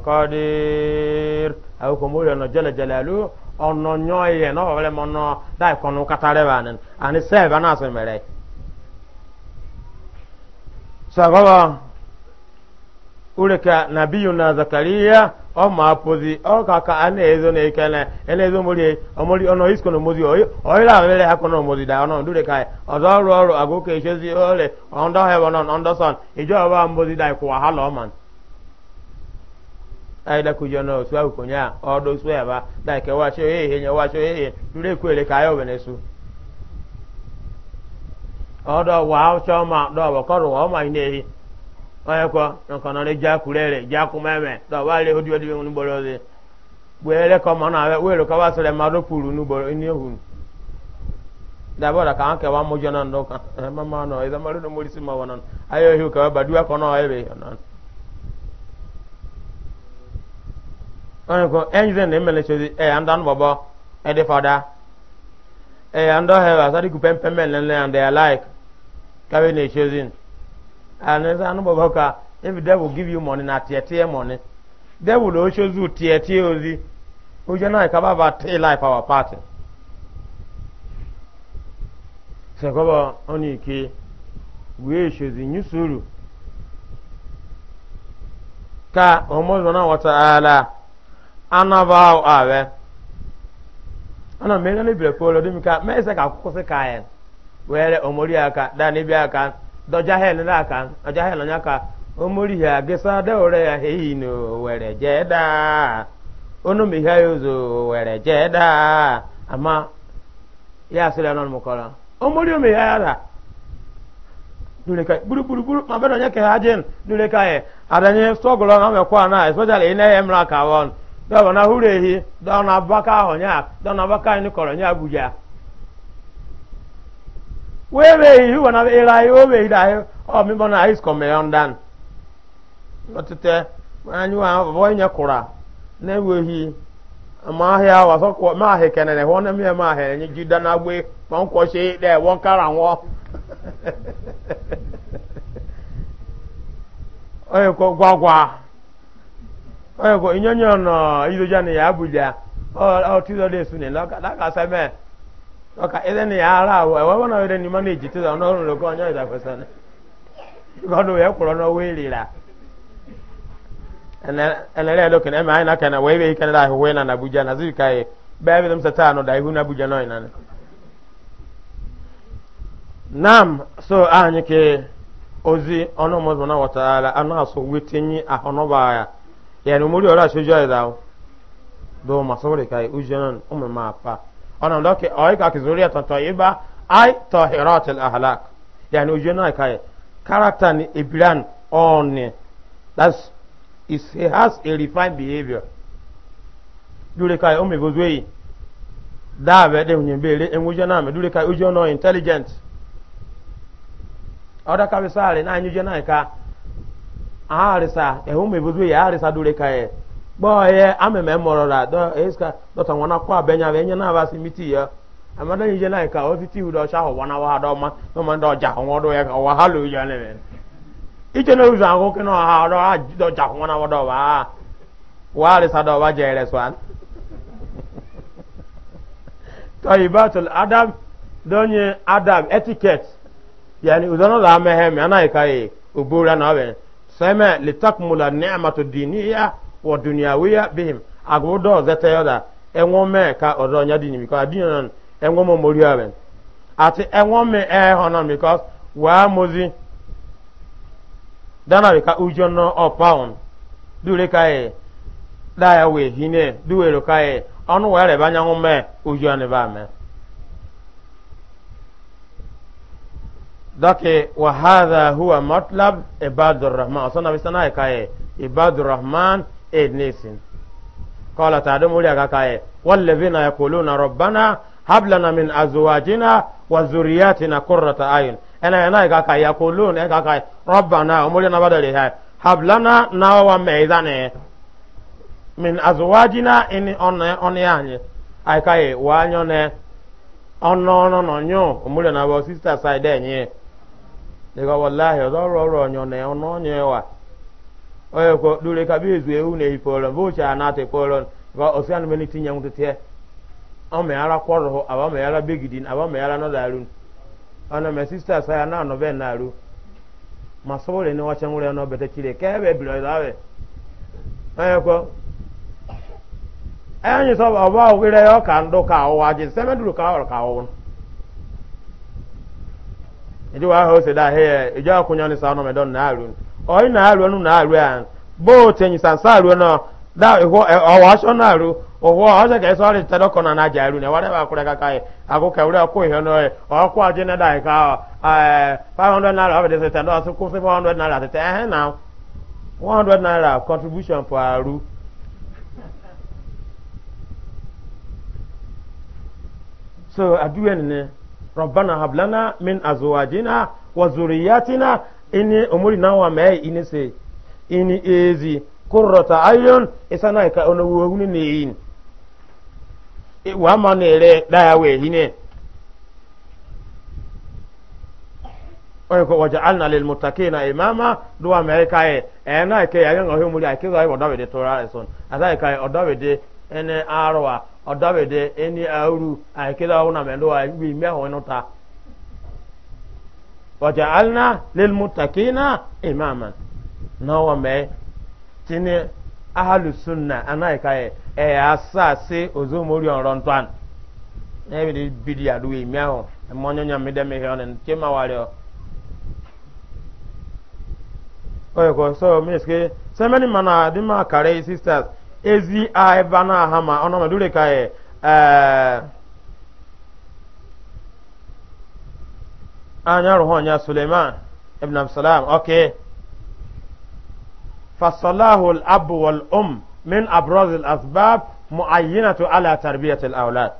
qadir aw ko mo no jala jalalu onno nyoye no wala mo no dai ko no katare banen ani se bana so mere sababa uleka nabiyuna zakariya o ma pozi o kaka ana ezo na ikene ene ezo mori omori ono isko no mozi oyi oyi la vele hako no mozi da ono ndure kai ozo ru oru agoke shezi ole ondo heaven on ondo son ijo ba mozi da ko wahala o man aida kujono su a konya odo su yaba da ke wacho he ya nya wacho he dure kwele ka yo bene su odo wa o choma do wa koru o ma ine hi oye ko nkan no le ja ja ku do le odi boro gwele ko ma na we ka wa sele ma puru nu boro da da ka an ke wa ndo ka eh, no no mo ma hi ka ba duwa ko no ɔne ko ɛnyɛ ne mele sɛ ɛ anda no bɔbɔ ɛde e fada ɛ anda hɛ wa sadi ku pɛm pɛm mele ne and they are like kabe ne chosen and e ano bɔbɔ ka if they devil give you money na tie tie money devil o chozu do tie tie ozi oje na ka ba ba tie life our party sɛ kɔbɔ ɔne ke wee chosen nyusuru ka ɔmɔ zɔn wata ala. anaba awɛ ana mmeri ne bira kpolo dimi ka mɛ ɛsɛ ka kusi ka yɛ wɛrɛ omori a kan da ne bi a kan dɔja hɛ ne da kan ka omori hɛ gesa de o rɛ ya heyi no wɛrɛ jɛ daa onu mi hɛ yo zo wɛrɛ ama ya sira nɔnɔ mu kɔrɔ omori mi hɛ ya da nure ka buru buru buru ma bɛ dɔnya kɛ hajin nure ka yɛ e, adanye sɔgɔlɔ ŋa mɛ na especially especially ina yɛ e, mura ka wɔn. dɔbɔ na hụrụ ehi dọọ na ahụ hɔnya dọọ na abaka ni kɔrɔ nya abuja wee bee ihe na ịra o wee hi da hi na ice kɔmɛ dan lɔtɛtɛ anyị. wa bɔ nyɛ ma ahịa awa sɔ kɔ ma hi kɛnɛ ne na ma ego eh, inyonyo no izoja ni ya abuja o tizo de sune la ka sa me o ka ele ni ara wo e wo na ele ni manage ti da no lo ko anyo ida kwesana ko do we lira ana ana le lo kana na ina kana we be da we na abuja na zika e ihu na abuja no ina nam so ozi ọnụ mmadụ na wọtara anụ asọ wetinye ahụ n'ọba ya yani umuri ora shoja da do masore kai ujanan umma ma fa ona ndoke ay ka kizuri ta tayyiba ay tahirat al ahlak yani ujanan kai character ni ibran on that is he has a refined behavior dure kai o me gozwe da be de hunye bere enwuje na me dure kai ujo no intelligent oda ka bisale na anyuje na ka arịsa ehum ebudu ya arịsa dure ka ya gbọọ ya dọta nwana kwa abenya nye na miti ya amada na ka otiti hu dọ sha ho wana wa dọ ma no ma dọ ja ho dọ ya wa ya ne ije na uzu ahụ ke na ha dọ na wa wa arịsa dọ adam donye adam yani na sɛmɛ litakmula ni'matu diniya wa dunyawiya bihim agogo dɔw zɛtɛ yɔda ɛŋɔ ka ɔdɔ nya dini because adi yɔn ɛŋɔ mori awɛ ati ɛŋɔ mɛ ɛɛ hɔnɔ because waa mozi dana bi ka ujɔ nɔ ɔpawn duure ka yɛ wɛ hinɛ ka yɛ e, ɔnu wɛrɛ ba ba mɛ. dɔke wa hadha huwa matlab ibadur rahman ɔsɔ na bisana yi kaye ibadur rahman aid nisin kɔla ta dum wuri ka kaye wallazina yaquluna rabbana hab lana min azwajina wa zurriyatina qurrata ayun ana yana ka kaye yaquluna ka kaye rabbana umuri na badale ha hab lana na wa maizane min azwajina in on on yanye ay kaye wa nyone onno no no nyo umuri na bo sister side enye dịka wallahi ọzọ ọrụ ọrụ ọnyọ na ọnụ onye wa onye kwo ka bi ezu ewu na iforo bụ uche na-atị poro ga osi anụ meni tinye nwụtụ tie ọ meghara kwọrọ aba meghara begidin aba meghara nọ daru ọnụ sista na anọ na ma sọbụrụ bete ka ebe biri ọzọ awe anyị ya ọka ndụ iji wa ha ose da ahịa iji akụ nyani sa no medon na aru o na aru nu na aru an bo tenyi san sa aru no da ho e, o wa so na aru o ho o se ke so ri tedo kona na ja aru ne wale ba kure kaka e, ago e, ka ure ko he no o ko aje na da ka eh 500 naira of this tedo so kwụsị 400 naira te eh na 100 naira contribution for aru so aduwe ne ربنا هب لنا من أزواجنا وذرياتنا إني أموري نوا ماي إني سي إني إيزي قرة عين إسانا إكا أنووني نيين وما نيري لا يوهيني oyinko wajalna lilmutakina imama duwa mai kaye ena ke yayin ohi muri akizai odawede tora eson azai kaye odawede ene arwa ọdọbede eni auru aikida ọwụna mendo a ibi mehụ ịnụta wata alna lil mutakina imama nawa me tini ahalusunna sunna anaika e e se ozo mori ọrọ ntwan na ebe di bidi adu imi ahụ ema onye onye mmede mehe ọ na nke mawari ọ oye ko so miske semeni mana adima kare sisters ezi ebe na aha ma ọnụ ọmọdụ ka e, eh, anya rụhụ ọnya suleiman ibn absalam oke fasalahu al-abu wal-um min abroad al-asbab mu'ayyinatu ala tarbiyatil awlad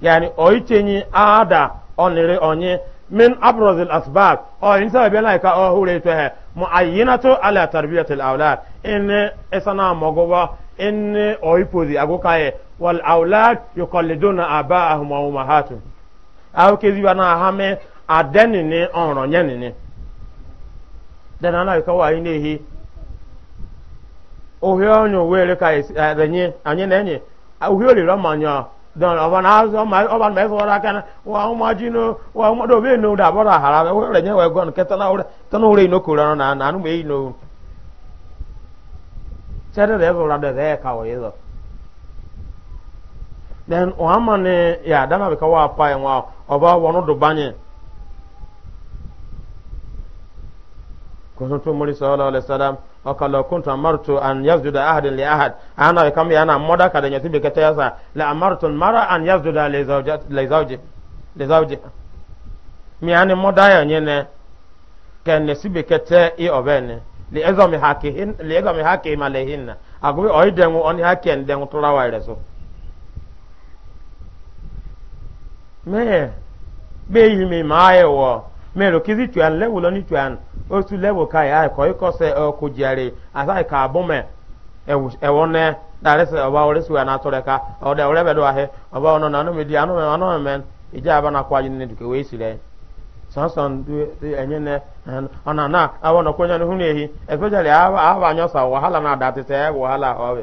yani oyi tenyi ada onire onye من أبرز الأسباب أو إنسان بينا كا أو هو ليته معينة على تربية الأولاد إن إسنا مغوا إن أويبوزي أقول كاي والأولاد يقلدون آباءهم وأمهاتهم أو كذي بنا هم أدنني أنرنيني dana na ka wa ine hi ohio nyo wele ka edenye anye na enye ohio le ro manya dɔn ɔba na azɔ ma ɔba mɛ fɔ ɔra kana wa ɔma dzi no wa ɔma do bee no da bɔ da hara bɛ wɔlɛ nyɛ wɛ gɔn kɛtɛ na wɔlɛ tɔnɔ wɔlɛ yi no kora no na na nu mɛ yi no sɛde de ɛfɔ la de ɛyɛ ka wɔ yi zɔ then ɔhama ne ya dama bi ka wa pa yɛ wa ɔba wɔ no do ba nyɛ kɔsɔn tó mori sɔɔlɔ alɛ sɛlɛm. وقال لو كنت أمرت أن يسجد أحد لأحد أنا كم أنا مدى كذا يتبع كتيسا لأمرت المرأة أن يسجد لزوجة لزوجة لزوجة مي أنا مدى يعني كان نسيب كتير إيه أبني لأزم حقهن لأزم حقهم عليهن أقول أيدهم أن حقهم دهم تلا ويرسو مي بيجي مي ما هو مي لو كذي تيان لا ولا نتيان otu level ka ya ko iko se ko jare asai ka abome oba ore suwa na tore ka o de ore bedo ahe oba ono na no me di ano me ano me ije aba na kwa yin duke we sire du enye ne na hu ne hi especially nyosa wahala na datete wahala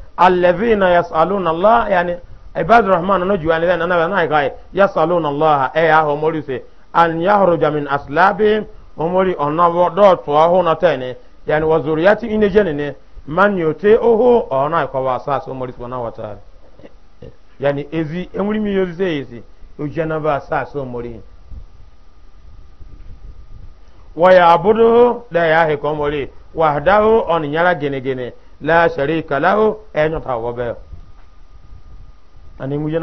alladhina yasaluna allah yani ibadu rahman no juwani dan na na kai yasaluna allah e ya ho mori se an yahruja min aslabi omori onawo do to ho na tene yani wa zuriyati ine jenene man yote oho ona ko wa so mori subhanahu wa wata yani ezi mi yozi se ezi ba sa so mori wa ya abudu da ya he ko mori wahdahu on gene gene la sharika lahu enyo ta wobe ani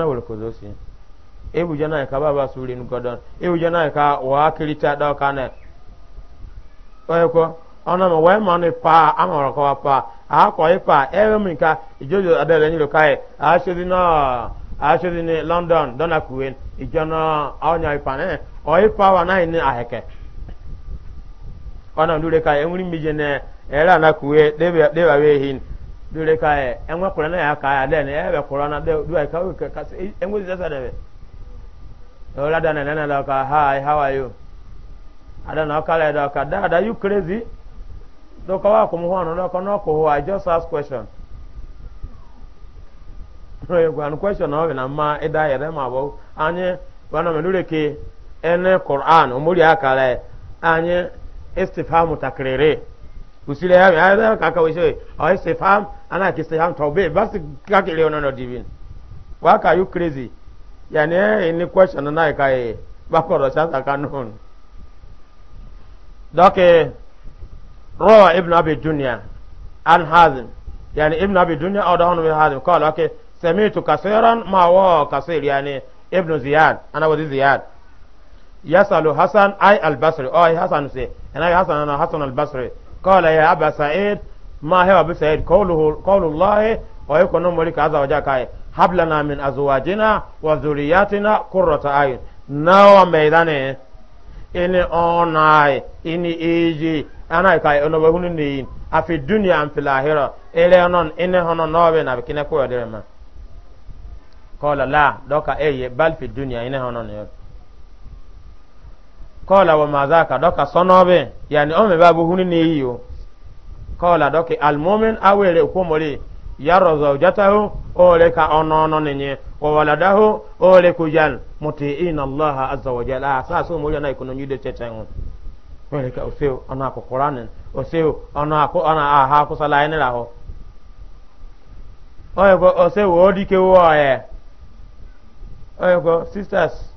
e ka baba suri godon e ka wa kirita da kana oye ko ona ma wa ma ne pa amara ko pa a ko e pa e mi ka ijojo ni lo kai a na a shedi ni london dona kuwen ijana awnya ipa ne o ipa wa na ni aheke ona ndure mi je ne era na kuwe debe debe wehin dure kae enwe kura na ya kae ade na ebe kura na de dure ka we ka enwe zesa debe e, ola dana na na ka hi how are you ada na ka le da ka da da you crazy do ka wa ko mu hono do ka no ko ho i just ask question no you go question no na ma ida ya ma bo anye wana me dure ke ene qur'an umuri akale anye istifhamu takriri usile yame ada kaka wisho ay sefam ana kisefam taube basi kaka ile ono divin waka you crazy yani ni question na kai bakoro sasa kanun doke rawa ibn abi dunya an hazim yani ibn abi dunya au dahun bin hazim qala okay sami'tu Kasiran, ma wa Kasir. yani ibn ziyad ana wadi ziyad yasalu hasan ay al-basri ay hasan se ana hasan ana hasan al-basri قال يا أبا سعيد ما هو أبو سعيد قوله قول الله ويكون مولك عز وجل هب لنا من أزواجنا وذرياتنا قرة أعين نوى ميدانه ini onai ini eji ana kai ono wa hunu ni afi dunya am fil ahira ele onon ine hono nobe na bikine ko yodere ma qala la doka eye bal fi dunya ine hono ne kọ́ọ̀lá wọ màdá ka dọ́ka sọ́nọ́ọ̀bẹ̀ yàní ọmọ ìbá bu huni ní yíyó kọ́ọ̀lá dọ́kì almomin awèrè òkúmọ̀rì yàrá zọ̀játàhó ọ̀rẹ́ ka ọ̀nà ọ̀nà nìyẹn wọ̀wọ̀làdáhó ọ̀rẹ́ kò yàn mùtì ìnà a azọ̀wọ̀jẹ́ láà sáàsó mọ́jọ́ náà ìkùnà yíde tẹ̀tẹ̀ ń wọ́n ka ya sisters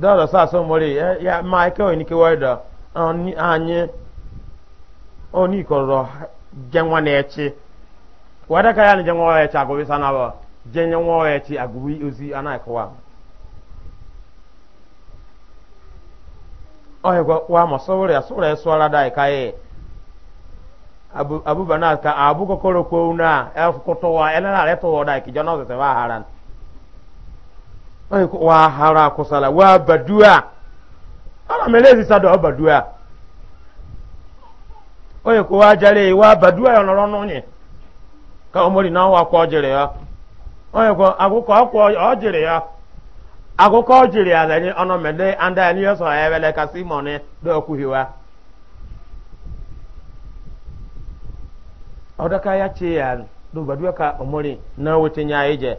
dɔɔdɔ sɔ asɔmɔri ya maa eke oyin ke wɔyi dɔ na ɛkyi wɔde ka ya ni jɛnwa wɔ ɛkyi na sana bɔ jɛnwa wɔ echi agụbi ozi ana ɛkɔwa e, ɔyɛ gɔ ma sɔwɔri asɔwɔri ɛsɔra da ɛka e, ya e. abu abu bana ka na na wa hara kusala wa badua ana melezi sado wa badua oye ko wa jale wa badua yo noro no nye ka omori na wa ko jere ya oye ko aguko akwo o jere ya aguko o jere ya le ni ono mele ya ni sọrọ ya ebele ka simone do ku hiwa odaka ya che ya do badua ka omori na wote nya eje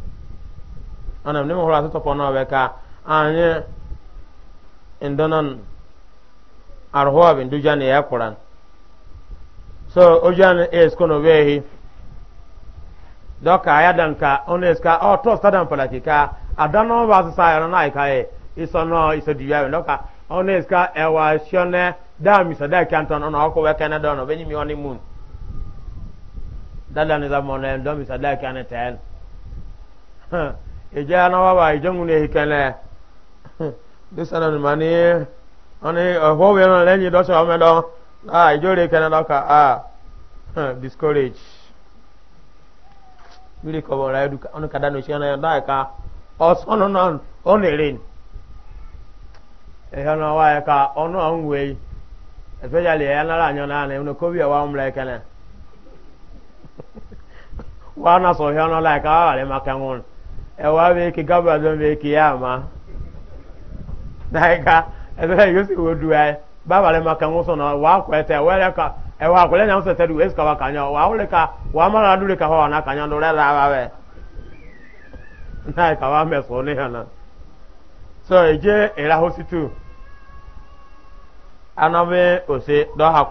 ana ne mo horata topo no be ka anye indonan arhoa bin dujane ya quran so ojane es kono wehi doka ya danka oneska o to stadan palaki ka adano ba sa ya na ka e isono isodiya doka oneska e wa shone da mi sada kanton ona ko we kanada no benyi mi oni mun dala ni zamona ndo mi sada kaneten eja na waba ijongu ne hikene disana ni mani ani eh, ho we na lenyi do so me do ah ijore kene do ka ah discourage bili ko bora edu onu kada no shi na ya dai ka osono non onerin eha na wa ka onu anwe especially ya na ranyo na na unu ko bi wa umre kene wa na so ya na like ah le makan ẹwà bẹ ke gábà zọ bẹ kí yá ma dáìka e du ma e ka ẹwà àkọlẹ nyà ń sẹsẹ du èsì kàwá kànyà wà á ka wà ka wà á kànyà lọ rẹ là wà bẹ dáìka wà á mẹsàn ní hàn náà so èjé e ìrahó sí tù ose dɔ ha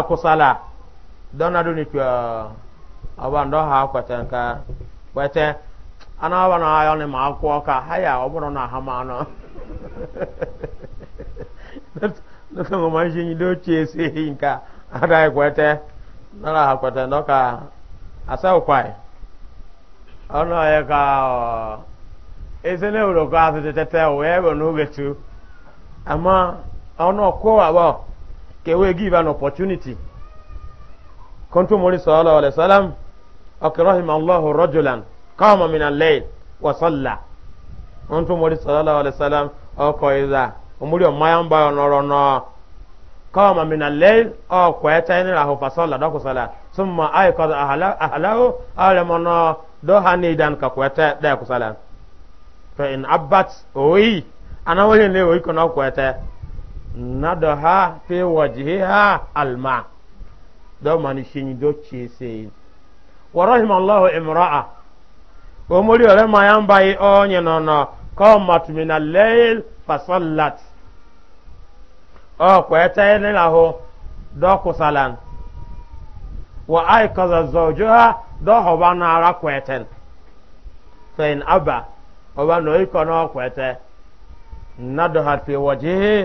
kɔ ọba ndọ ha kweta nka kwete ana ọba na ayọ ma akwụọ ka ha ya ọ bụrụ na ha ma anọ nọtọ nwa ma nshi nyido si ehi nka adaghị kwete nara ha kwete asa ụkwai ọnụ ka ọ na ewuro ka azụ wee bụ n'oge ka e wee أكرهم الله رجلا قام من الليل وصلى أنتم مولي صلى الله عليه وسلم أو كويزا أمولي ما ينبع نورنا قام من الليل أو كويتين له فصلى دوك صلاة ثم أيقظ أهله ألمنا دوهاني دان كويتا دوك صلاة فإن أبت أوي أنا ولي نيوي كنا كويتا ندها في وجهها الماء دو مانشيني دو تشيسين warahim allahu imra'a omori ore ma ya mbayi onye nọ na kọmat min al-layl fasallat o kwete ni lahu kusalan wa ay kaza zawjuha do hoba na ara kweten fain aba oba no iko no kwete fi wajhi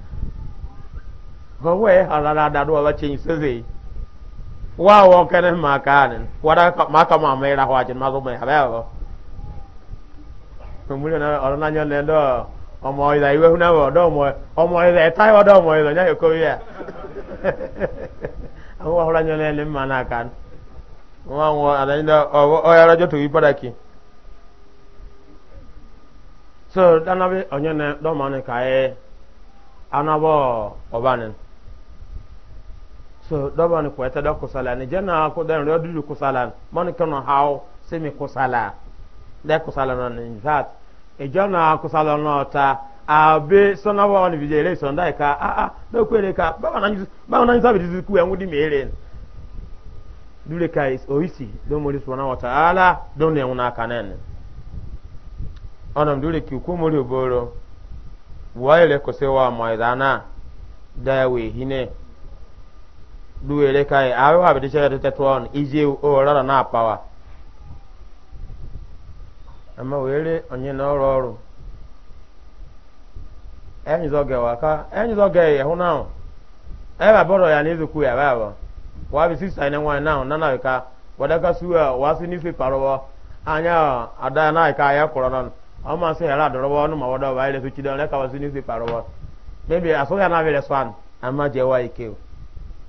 gowe halala da do wa cin seze wa wa kana ma kan wada ma ka ma mai ra hwajin ma zo mai haba ba ko mure na ona nyo le do ọmọ ida iwe huna wo do mo ọmọ ida tai wo do mo ida nya ko ya awu wa hora nyo le le ma na kan wa wo ala ndo o ya rajo to ibada ki so danabe eh? onye na do ma ne ka e anabo obanen oh, so dɔba ni kɔɛtɛ dɔ kusala ni jɛna ko dɛn rɛ dudu kusala mɔni kɔnɔ haw simi kusala dɛ kusala nɔ ni zat ijɔna kusala nɔ ta a be sɔnnawa wani bi jɛre sɔnda yi ka a a dɔw ko ere ka bamanan yi sabi disi ku ɛnku di meere dule ka oisi don mori sɔnna wa ta ala don ne ŋuna kanɛ ni ɔnam dule ki ko mori o boro wa yɛrɛ kose wa mɔ idana da ya we hinɛ. duwere kai awe wa bidi shere tete tuon ije o rara na apawa ama were onye na ọrụ ọrụ enyi zọge waka enyi zọge ya hụ naụ ebe abọrọ ya n'izu kwu ya baba wa bi sista ne nwa naụ na na ka wadaka suwa wa si n'ife parọwa anya ada na ka ya kọrọ nọ ọma sị hara adọrọwa ọnụ ma wọdọ wa ile su chidọ leka wa si n'ife parọwa mebi asọ ya na abịa reswan ama jewa ike o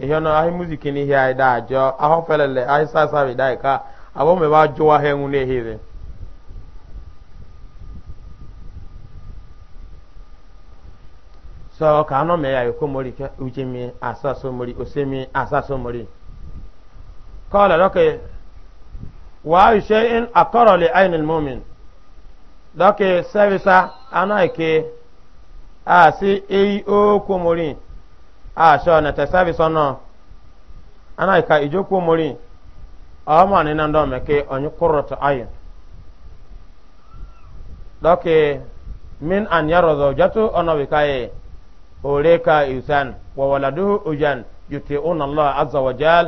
ihe no muziki ni hi da ajo aho felele ahi sasa bi dai ka abo me ba jo ahe so ka anọ me ya ko mori ke ujimi asaso mori osemi asaso mori qala lake wa a si aṣọ ah, na tẹsẹbi sọnà ana ìka ìjókòó mori ọmọ ah, ànínà ndọ mẹkẹ ọnyún kúrò tó ayọ dọkì min anyarọ zọjọtò ọnà wíkà yẹ òrè ka ìsàn wọwọladó ojan yòtí ọnà lọ azọwọjal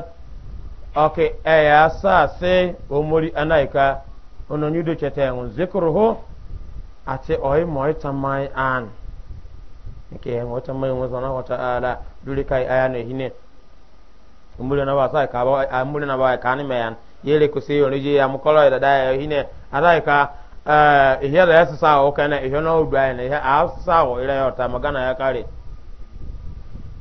ọkì ẹyà e sàásì omori ana ìka ọnà nyúdó kyẹtẹ ẹhùn zikuru hó àti ọyìn mọ̀ ẹ́ tàn ke hen wata mai wata na wata ala duri kai aya ne hine umule na ba sai ka ba umule na ba ka ni me yan yele ko se yoni ya mu kolo da da hine adai ka eh ihe da yasa sa o kana ihe na odu ai ne a sa o ire yota magana ya kare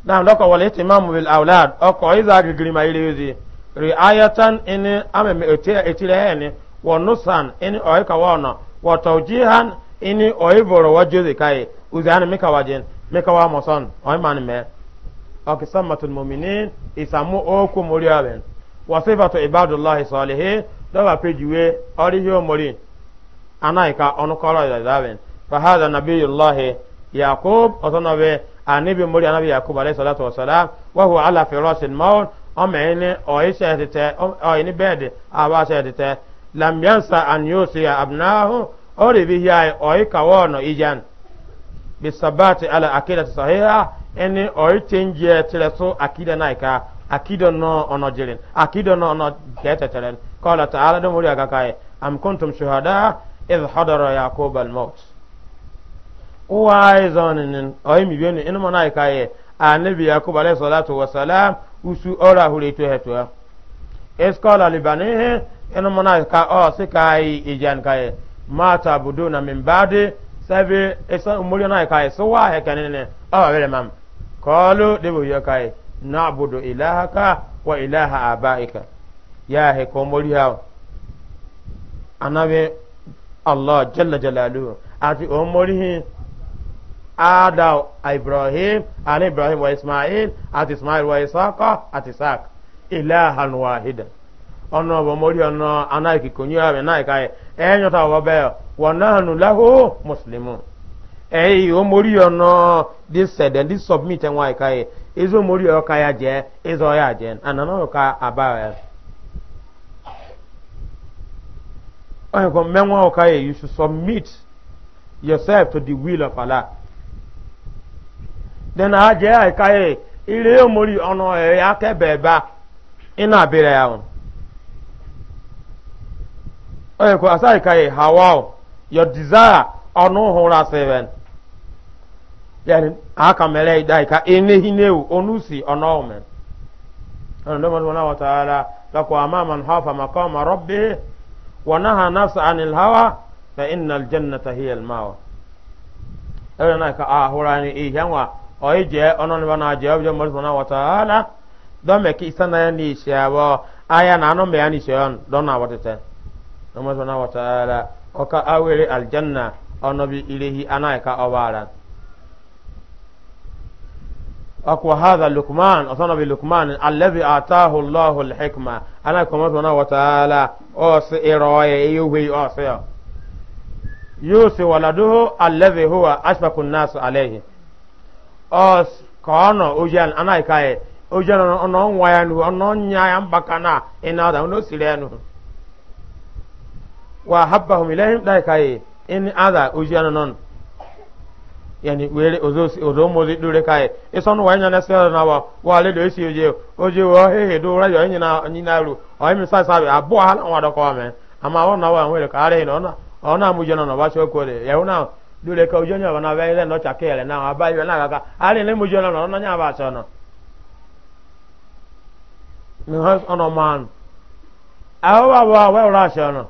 na ndoko wal ihtimam bil awlad o ko iza gigiri mai rezi riayatan in ameme etire etire ne wa nusan in oika wona wa tawjihan in oivoro wajuzi kai uzani mika wajen meka wa moson o man me o ki sammatul mu'minin isamu o ku muriyaben wa sifatu ibadullah salihin da wa pejiwe ori yo muri anaika onu koro da daben fa hada nabiyullah yaqub otonabe anibi muri anabi yaqub alayhi salatu wasalam wa huwa ala firasil maut o meene o isa tete o ini bede aba sa tete lam yansa an yusi abnahu ori bi yae o ikawono ijan bisabati ala akida sahiha eni oyi change tere so akida ka akida no ono jirin akida no ono kete ala qala ta'ala dum wuri aga kai am kuntum shuhada idh hadara yaqub al maut uwai zonin oyi mi bienu inu naika ye anabi yaqub alayhi salatu wa salam usu ora hure to heto eskola libanihi inu naika o sikai ijan kai mata na min ba'di sɛbi esan umuri na kai so wa he kanin ne awa ah, bere mam kɔlu debu yo kai na'budu ilahaka wa ilaha abaika ya he ko muri ha anabe allah jalla jalaluhu ati o hi ada ibrahim ala ibrahim wa ismail ati ismail wa isaqa ati ha ilahan wahidan ono bo muri ono anaki kunyo abe na kai enyo eh, ta wo be wanahanu lahu eyi omori ọ̀nà this said dis submit ẹ̀wọ̀n àìka yẹ ezo omori ọ̀ka ya jẹ ezo ọ̀ya jẹ ànànà ọ̀ka àbá ẹ̀ ọ̀yẹ̀kọ̀ mẹ́wọ̀n ọ̀ka yẹ you should submit yourself to the will of Allah then àjẹ́ àìka yẹ ilé omori ọ̀nà ẹ̀yà akẹ́bẹ̀ẹ́bá iná àbẹ̀rẹ̀ ẹ̀ ọ̀yẹ̀kọ̀ àṣà àìka yẹ hawa o. your desire ọ̀nù hụra seven then aka mere ịda ka enehi newu onu si ọnụ ọmụ ọnụ ndị mmadụ na wataala lakwa ama man hafa maka ọma rọbbi wa naha nafsa anil hawa fa inna aljannata hiya almawa ebe na ka ahụra ni ihe nwa oyi je ọnụ ndị na je ọbịa mmadụ na wataala don me ki isa na ya ni ishe abụọ aya na anụ mbe ya ni ishe ọnụ don na awọtete mmadụ na wataala oka awere aljanna onobi ilehi anayka obara akwa hadha lukman osana bi lukman alladhi ataahu allahu alhikma ana kuma subhanahu wa ta'ala o si iroye yuhi o si yusi waladuhu alladhi huwa ashfaqu an-nas alayhi o kono ujan anayka e ujan ono nwa ya nu ono nya ya mbaka na ina da no sirenu wa habbahum ilaihim dai kai in ada ujiana non yani were ozo ozo mozi dure kai ison wa nya na na wa wa le do isi oje oje wa he he do ra yo nyina nyina ru o mi sa sa abu ha na wa do ko me ama wa na wa nwere ka are na ona ona mu jona na ba cho ko de ye una dure ka ojo nya wa na ba ile no cha kele na aba yo na ga are le mu jona na ona nya ba so no ni ha ono man awa wa wa ra so no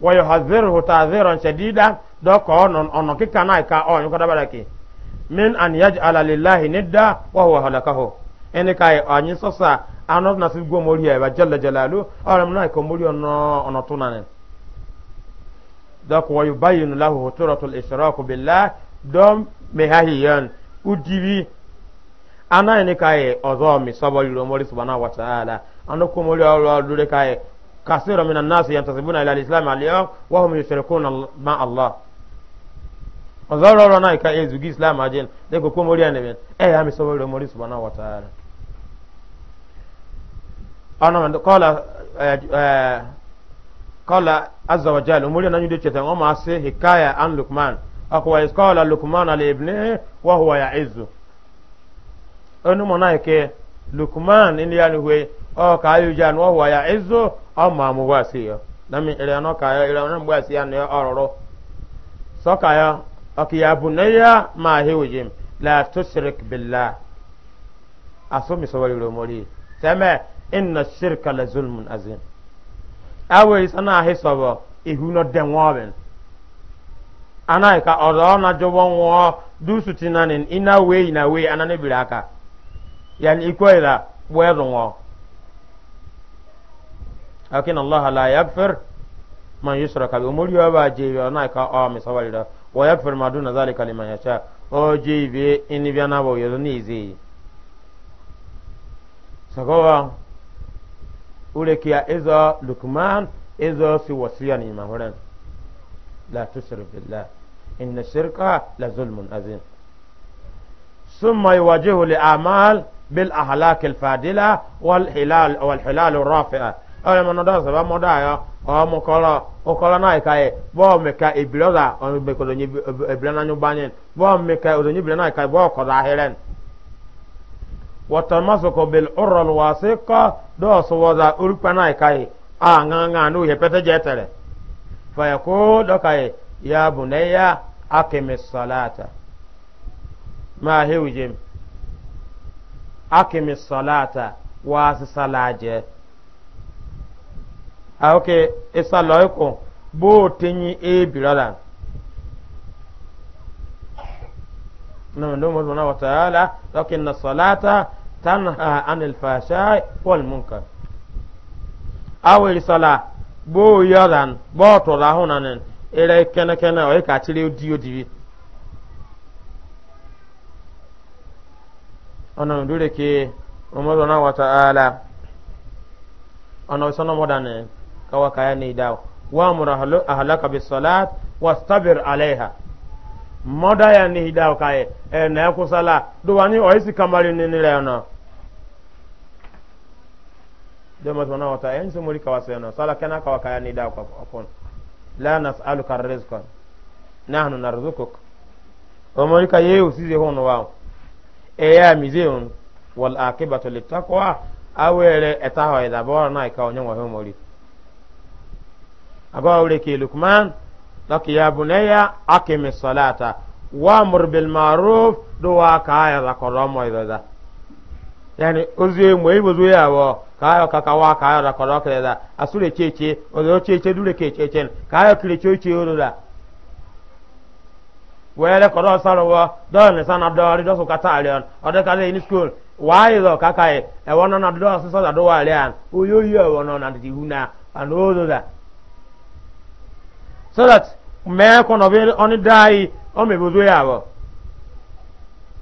ويحذره تعذيرا شديدا دوك أون أون كي كان أيكا أون يكذب لك من أن يجعل لله ندا وهو هلكه إن كاي أني سوسا أنا نسيب قومولي أبا جل جلاله أنا من أيكم مولي أن أن تونان دوك ويبين له خطورة الإشراك بالله دوم مهايان udibi ana ni kai ozo mi sabo yuro mori subhanahu wa ta'ala anu ko mori awlo dure kai كثير من الناس ينتسبون إلى الإسلام اليوم وهم يشركون مع الله ọzọrọrọ náà ìka ezugi islam ajin lẹkọọ na mórí ẹni bẹẹ ẹ yà mí sọwọ rẹ mórí sùpọ náà wọta rẹ. ọ̀nà kọ́lá kọ́lá azọ̀wọ̀jáde mórí ẹni ọ̀nyúndé chẹ̀tẹ̀ wọ́n máa hikaya an lukman ọkùnrin kọ́lá lukman alẹ́ ibùdó wọ́n hùwà yà ezu. ọ ka ayu jan wa huwa ya izu ọ ma mu wasi ya na mi ire ka ya ire no mu ya na ne ororo so ka ya o ki ya bunayya ma hiwjim la tushrik billah aso mi so wali ro mori seme inna shirka la zulmun azim awe sana hisobo ihuno denwoben ana ka ọzọ na jọbọ nwụọ dusuti nanin ina wei na wei ebiri aka yani ikwe ila bụ ẹzụ nwụọ لكن الله لا يغفر من يشرك به امور يوبا جيبي انا كا او مي سوالي دا ويغفر ما دون ذلك لمن يشاء او جيبي اني بيانا بو يزني زي سغوا اوليك يا اذا لقمان اذا في وصيا ني ما لا تشرك بالله ان الشرك لظلم عظيم ثم يواجه الاعمال بالاهلاك الفاضله والحلال والحلال الرافعه ọrịa mọ nọdọ ọsọ ọmọdọ ayọ ọmọ kọrọ ọkọrọ náà ẹka yẹ bọọ mẹka ebire ọdọ ọmọbẹkọ ọdọnyẹ ebire náà nyọ banyẹ bọọ mẹka ọdọnyẹ náà ẹka yẹ bọọ kọdọ ahẹrẹ bẹlẹ kọ dọọsọ wọdà náà ẹka yẹ a ŋaŋa ní òye pẹtẹ jẹ tẹrẹ. fàyẹ kó dọkà yẹ ya bù sọláàtà máa sọláàtà aoke isaloiko bo tenyi e birala no no mo na wa taala na salata tanha anil fashai wal munkar awiri sala bo yaran bo ahụ rahunanen ere kene kene o ka chiri odi odi dị ndure ke mo na wa taala ona na no kawa kaya ne dawo wa murahalu ahlaka bis salat wastabir alaiha moda ya ni hidaw kaye e na ku sala duwani o isi kamari ni ni rena de ma tona wata en se muri kawa sena sala kana kawa kaya ni daw akon e, e, la nas'aluka rizqan nahnu narzuquk o muri ka yewu size hono wa e ya mizeun wal akibatu littaqwa awere etaho idabora ka onyen wa ho agawre ke lukman laki ya bunayya aqimi salata wa'mur bil ma'ruf do wa kaya da koromo idada yani ozuye moyi bozuye awo kayo kaka wa kayo da koroko idada asure cheche ozo cheche dure ke chechen kayo kire cheche oroda wele koro sarawo do ne sana do do su katalion ode kale in school why do kaka e wono na do so da do wa le an oyoyo na di huna an ozoda so that mee kɔnɔ bi ɔni daa yi ɔmi bozo ya awɔ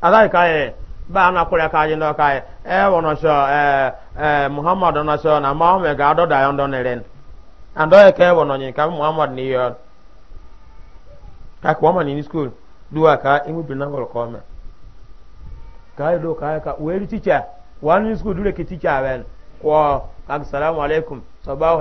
aza yi ka yɛ e, baa na kura ka anyị ndɔ ka yɛ e, ɛɛ e wɔnɔ sɔ ɛɛ ɛɛ muhammadu nɔ na maa ɔmɛ ga dɔ da ndọ ndɔ ne rɛn andɔ yɛ kɛ nyi ka muhammadu ni yɔ ka kɔ ọma ni ni school do wa ka imu bi na wɔlɔ kɔ mɛ ka anyị do ka yi ka wɛri ticha wa ni school do de ke teacher wɛn kɔ ka salamu aleykum sɔbaw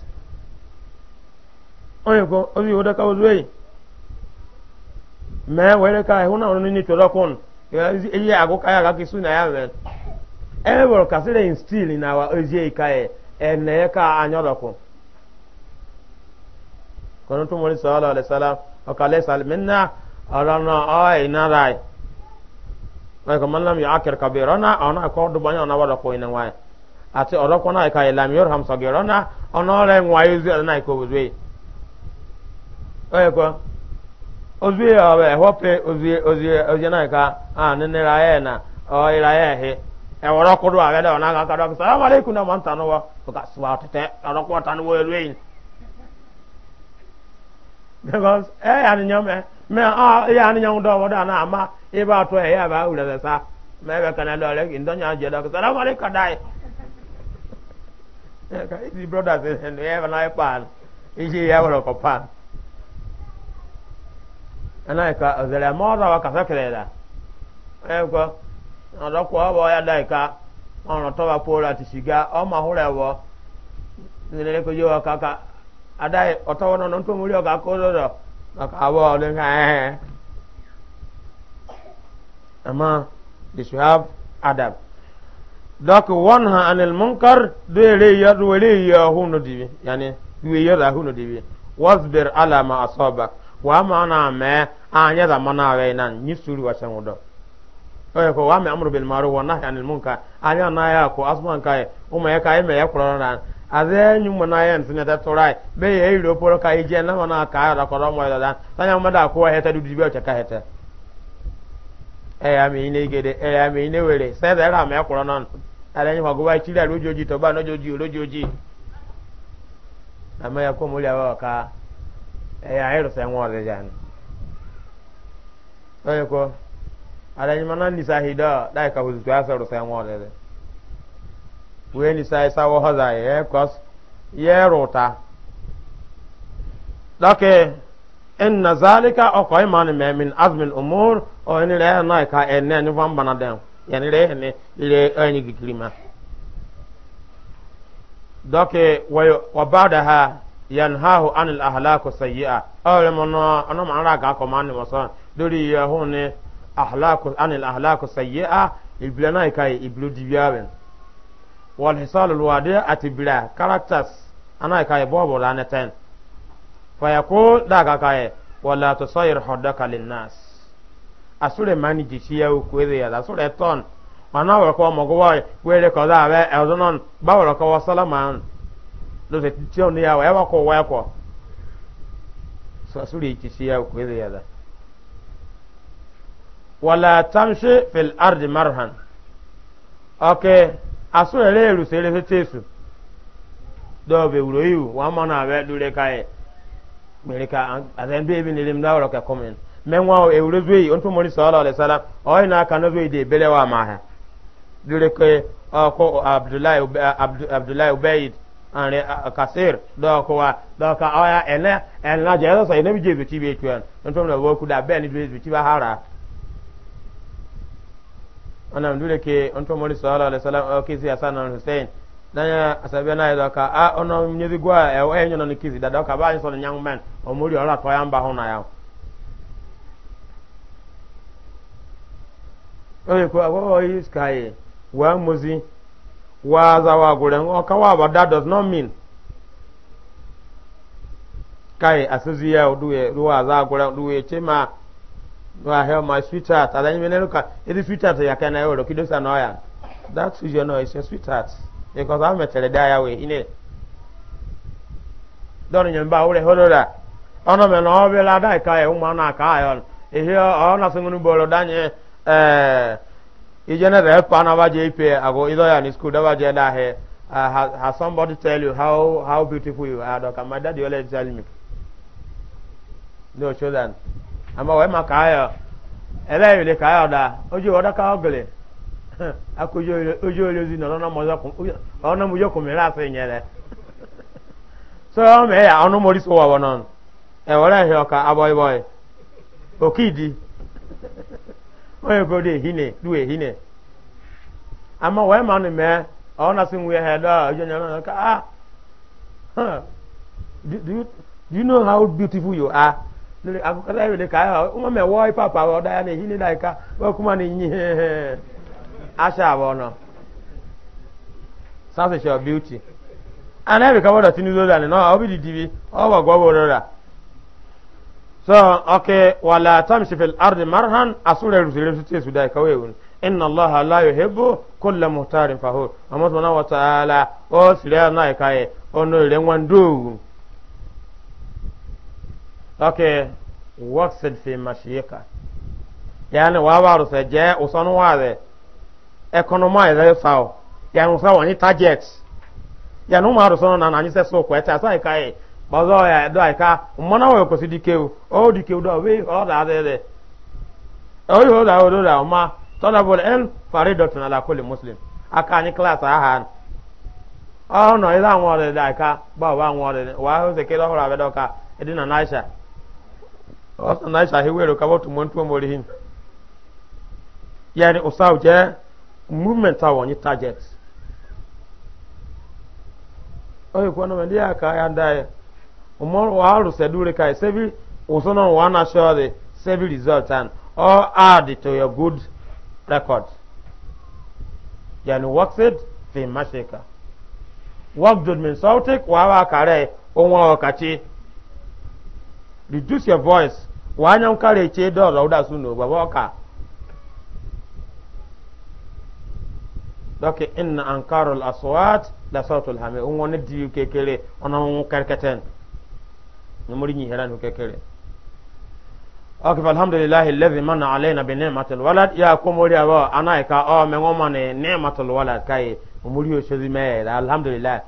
onye onye ozi oda ka ozuwe me were ka ihu na onu ni to lokun eye ago kaya ga kisu na ya e, we e were ka sire na wa ozi e kai e, ene ka anyo lokun kono to mori sallallahu alaihi wasallam o kale sal minna arana ay ọ na oye ko ozu obe hope ozuye ozuye na ka a ne ne ra ye na o ira ye he e woro kudu aga na ka ka na manta no wa sụwa suwa tete ro ko tan wo elwe because e ya ni me a ya ni nyam do na ama e ba ya, ya ba ura kana ka iji ya ọkọ anaika ka ozere mọra wa kasa kelera eko ọdọkọ ọbọ ya da ika ọrọ tọba polo ati siga ọma hụrụ ẹwọ nílẹ̀ kó yé kaka ada ọtọwọ nọ nọtọ múlẹ ọkà kó lọdọ ọkà abọ ọdún ká ẹ ama they should have adab dɔk wɔn ha anil munkar dɔwɛrɛ yɛ dɔwɛrɛ yɛ ɔhunu dibi yanni dɔwɛrɛ yɛ ɔhunu dibi wasbir ala ma asɔba wa ma na mɛ anya da mana awe nan ni suru wa san wodo oye ko wa me amru bil a wa nahy anil munkar anya na ya ko asman kai umma ya kai me ya kuro na aze nyu mana ya ntin da torai be ye iro poro ka je na mana ka da ko mo da tanya ma da ko heta du dibe o e ya mi ne gede e ya mi ne were se da ra me kuro na ala nyu ko ba chi da rojoji to ba no joji rojoji ama ya ko mo ya wa ka e ya ero se oye ko ala nyima na nisa hida yi ka huzu tuwa sa rusa yanwa lele we nisa isa wo hoza ye eh, kos ye rota dake in na zalika o ko iman me min azmin umur o ni re na ka enne ni van e bana ha anil ka ni lórí yahu ni ahlaku anil ahlaku sayi a ibile náà ika yi ibilu dibiawe wal hisalu luwade ati bila characters ana ika yi bɔbɔ la ne ten fayako daga ka yi wala to sayir hoda kalin nas asure mani jisi ya ukwere ya asure ton mana wɛrɛ kɔ mɔgɔ wa wɛrɛ kɔ da a bɛ ɛzɔnɔn ba wɛrɛ kɔ wa salama lɔsɛ ya wala tamshi fil ardi marhan okay asu ele eru sele setesu do be uro yu wa ma na be dure kai mere ka azen be bi nilim da ka komen men wa e uro zuyi onto mori sallallahu alaihi wasallam o ina ka no zuyi de bele wa ma ha dure ke ko abdullahi abdullahi ubayd ane kasir do ko wa do ka aya ele ele na je so ene bi je bi ti bi tuan onto na wo ku da be ni bi ti ba hara ana ndule ke onto mori sallallahu alaihi salam o eh, kisi hasan na hussein nanya asabe na ido ka a ah, ono nyezi gwa e o enyo eh, na kisi dada doka ba nso nyang men o muri ora to yamba ho na ya oye ko awo is kai wa muzi wa za wa gure o ka wa ba that does not mean kai asuzi ya duwe ruwa za gure duwe chema go ahead my sweetheart ala nyime nero ka eri sweetheart ya kana yo ro kidosa no ya that is your noise your sweetheart because i'm metere da ya we ine don nyem ba ure holora ono me no be la dai ka e uma na ka ayon ehe ona sungunu bolo danye eh ijene re pa na ba je pe ago ido ya ni school da ba je da he Uh, has, somebody tell you how how beautiful you are? Doctor, my dad always tell me. No, children. ama wee maka ayọ ele yile ka ayọ daa ojú ọdọ ka ọgẹlẹ ọdọ mọjọ ọdọ mọjọ kùn mí láti so ọmọ ẹ yà ọdún mọrí ụwa e Oke idi. ehine du ehine ama wee ọ nì ọ na sị nwunye ha dọọ ojú ọnyá náà ká ah do you know how beautiful you are. lórí akọkọta ìwé ká yà ọmọ mi wọ ipa pàwọ ọdá yà ni èyí nílá ìka wọn kú mà ihe yín aṣọ àbọ̀ ọ̀nà sáfìsì ọ̀ bíútì àná ìwé káwọ́ dọ̀tí ní lórí àná nọ ọbí dìdí bi ọwọ́ gbọ́wọ́ lórí à so ọkẹ wàlà tamsifil ardi marhan asúrẹ̀ rùsẹ̀rẹ̀ sùtẹ̀ sùdá ìkàwé inna allaha la yuhibbu kulla muhtarin fahur amma wa ta'ala o oh, sire na ikaye ono oh, ire okay waqsid fi mashiyika yani wawaru se je usonu wade economize le sao yani usawo ni target yani umaru sono na nanyi se soko eta sai kai e. bazo ya do ai ka mmana wo ko sidikeu o dikeu do o da de de o yo da o do da ma talabul ilm faridatun ala kulli muslim aka anyị klaasị aha ọ̀nà ilé àwọn ọ̀rẹ́ dàka bá wà àwọn ọ̀rẹ́ wà á ṣe na naija. ọsàn náà ṣàhíwé rẹ̀ kábọ̀ tún mọ́ tún ọmọ rẹ̀ hìn yẹni ọ̀sáwò jẹ́ movement àwọn ní target ọ̀yẹ̀ kọ́ ọ̀nàmọ̀ ndíyà ká ya ndá yẹ ọmọ wàá rùsẹ̀dú rẹ̀ ká yẹ sẹ́bi ọ̀sán náà wàá náà ṣọ́ the sẹ́bi result and all add to your good record yẹni work it fi má ṣe ká work good mean something wàá wà kárẹ̀ ohun ọ̀kàtí reduce your voice. wanya nkara eche dọla ụdasụ n'ogbe bụ ọka dọkị inna ankarul aswat da sautul hame nwa ne di kekere ọna nwa karkaten na muri nyi heran kekere ọkị alhamdulillah allazi manna alaina bi ni'matil walad ya ko muri abo anaika o me ngoma ne ni'matil walad kai muri o shezi me alhamdulillah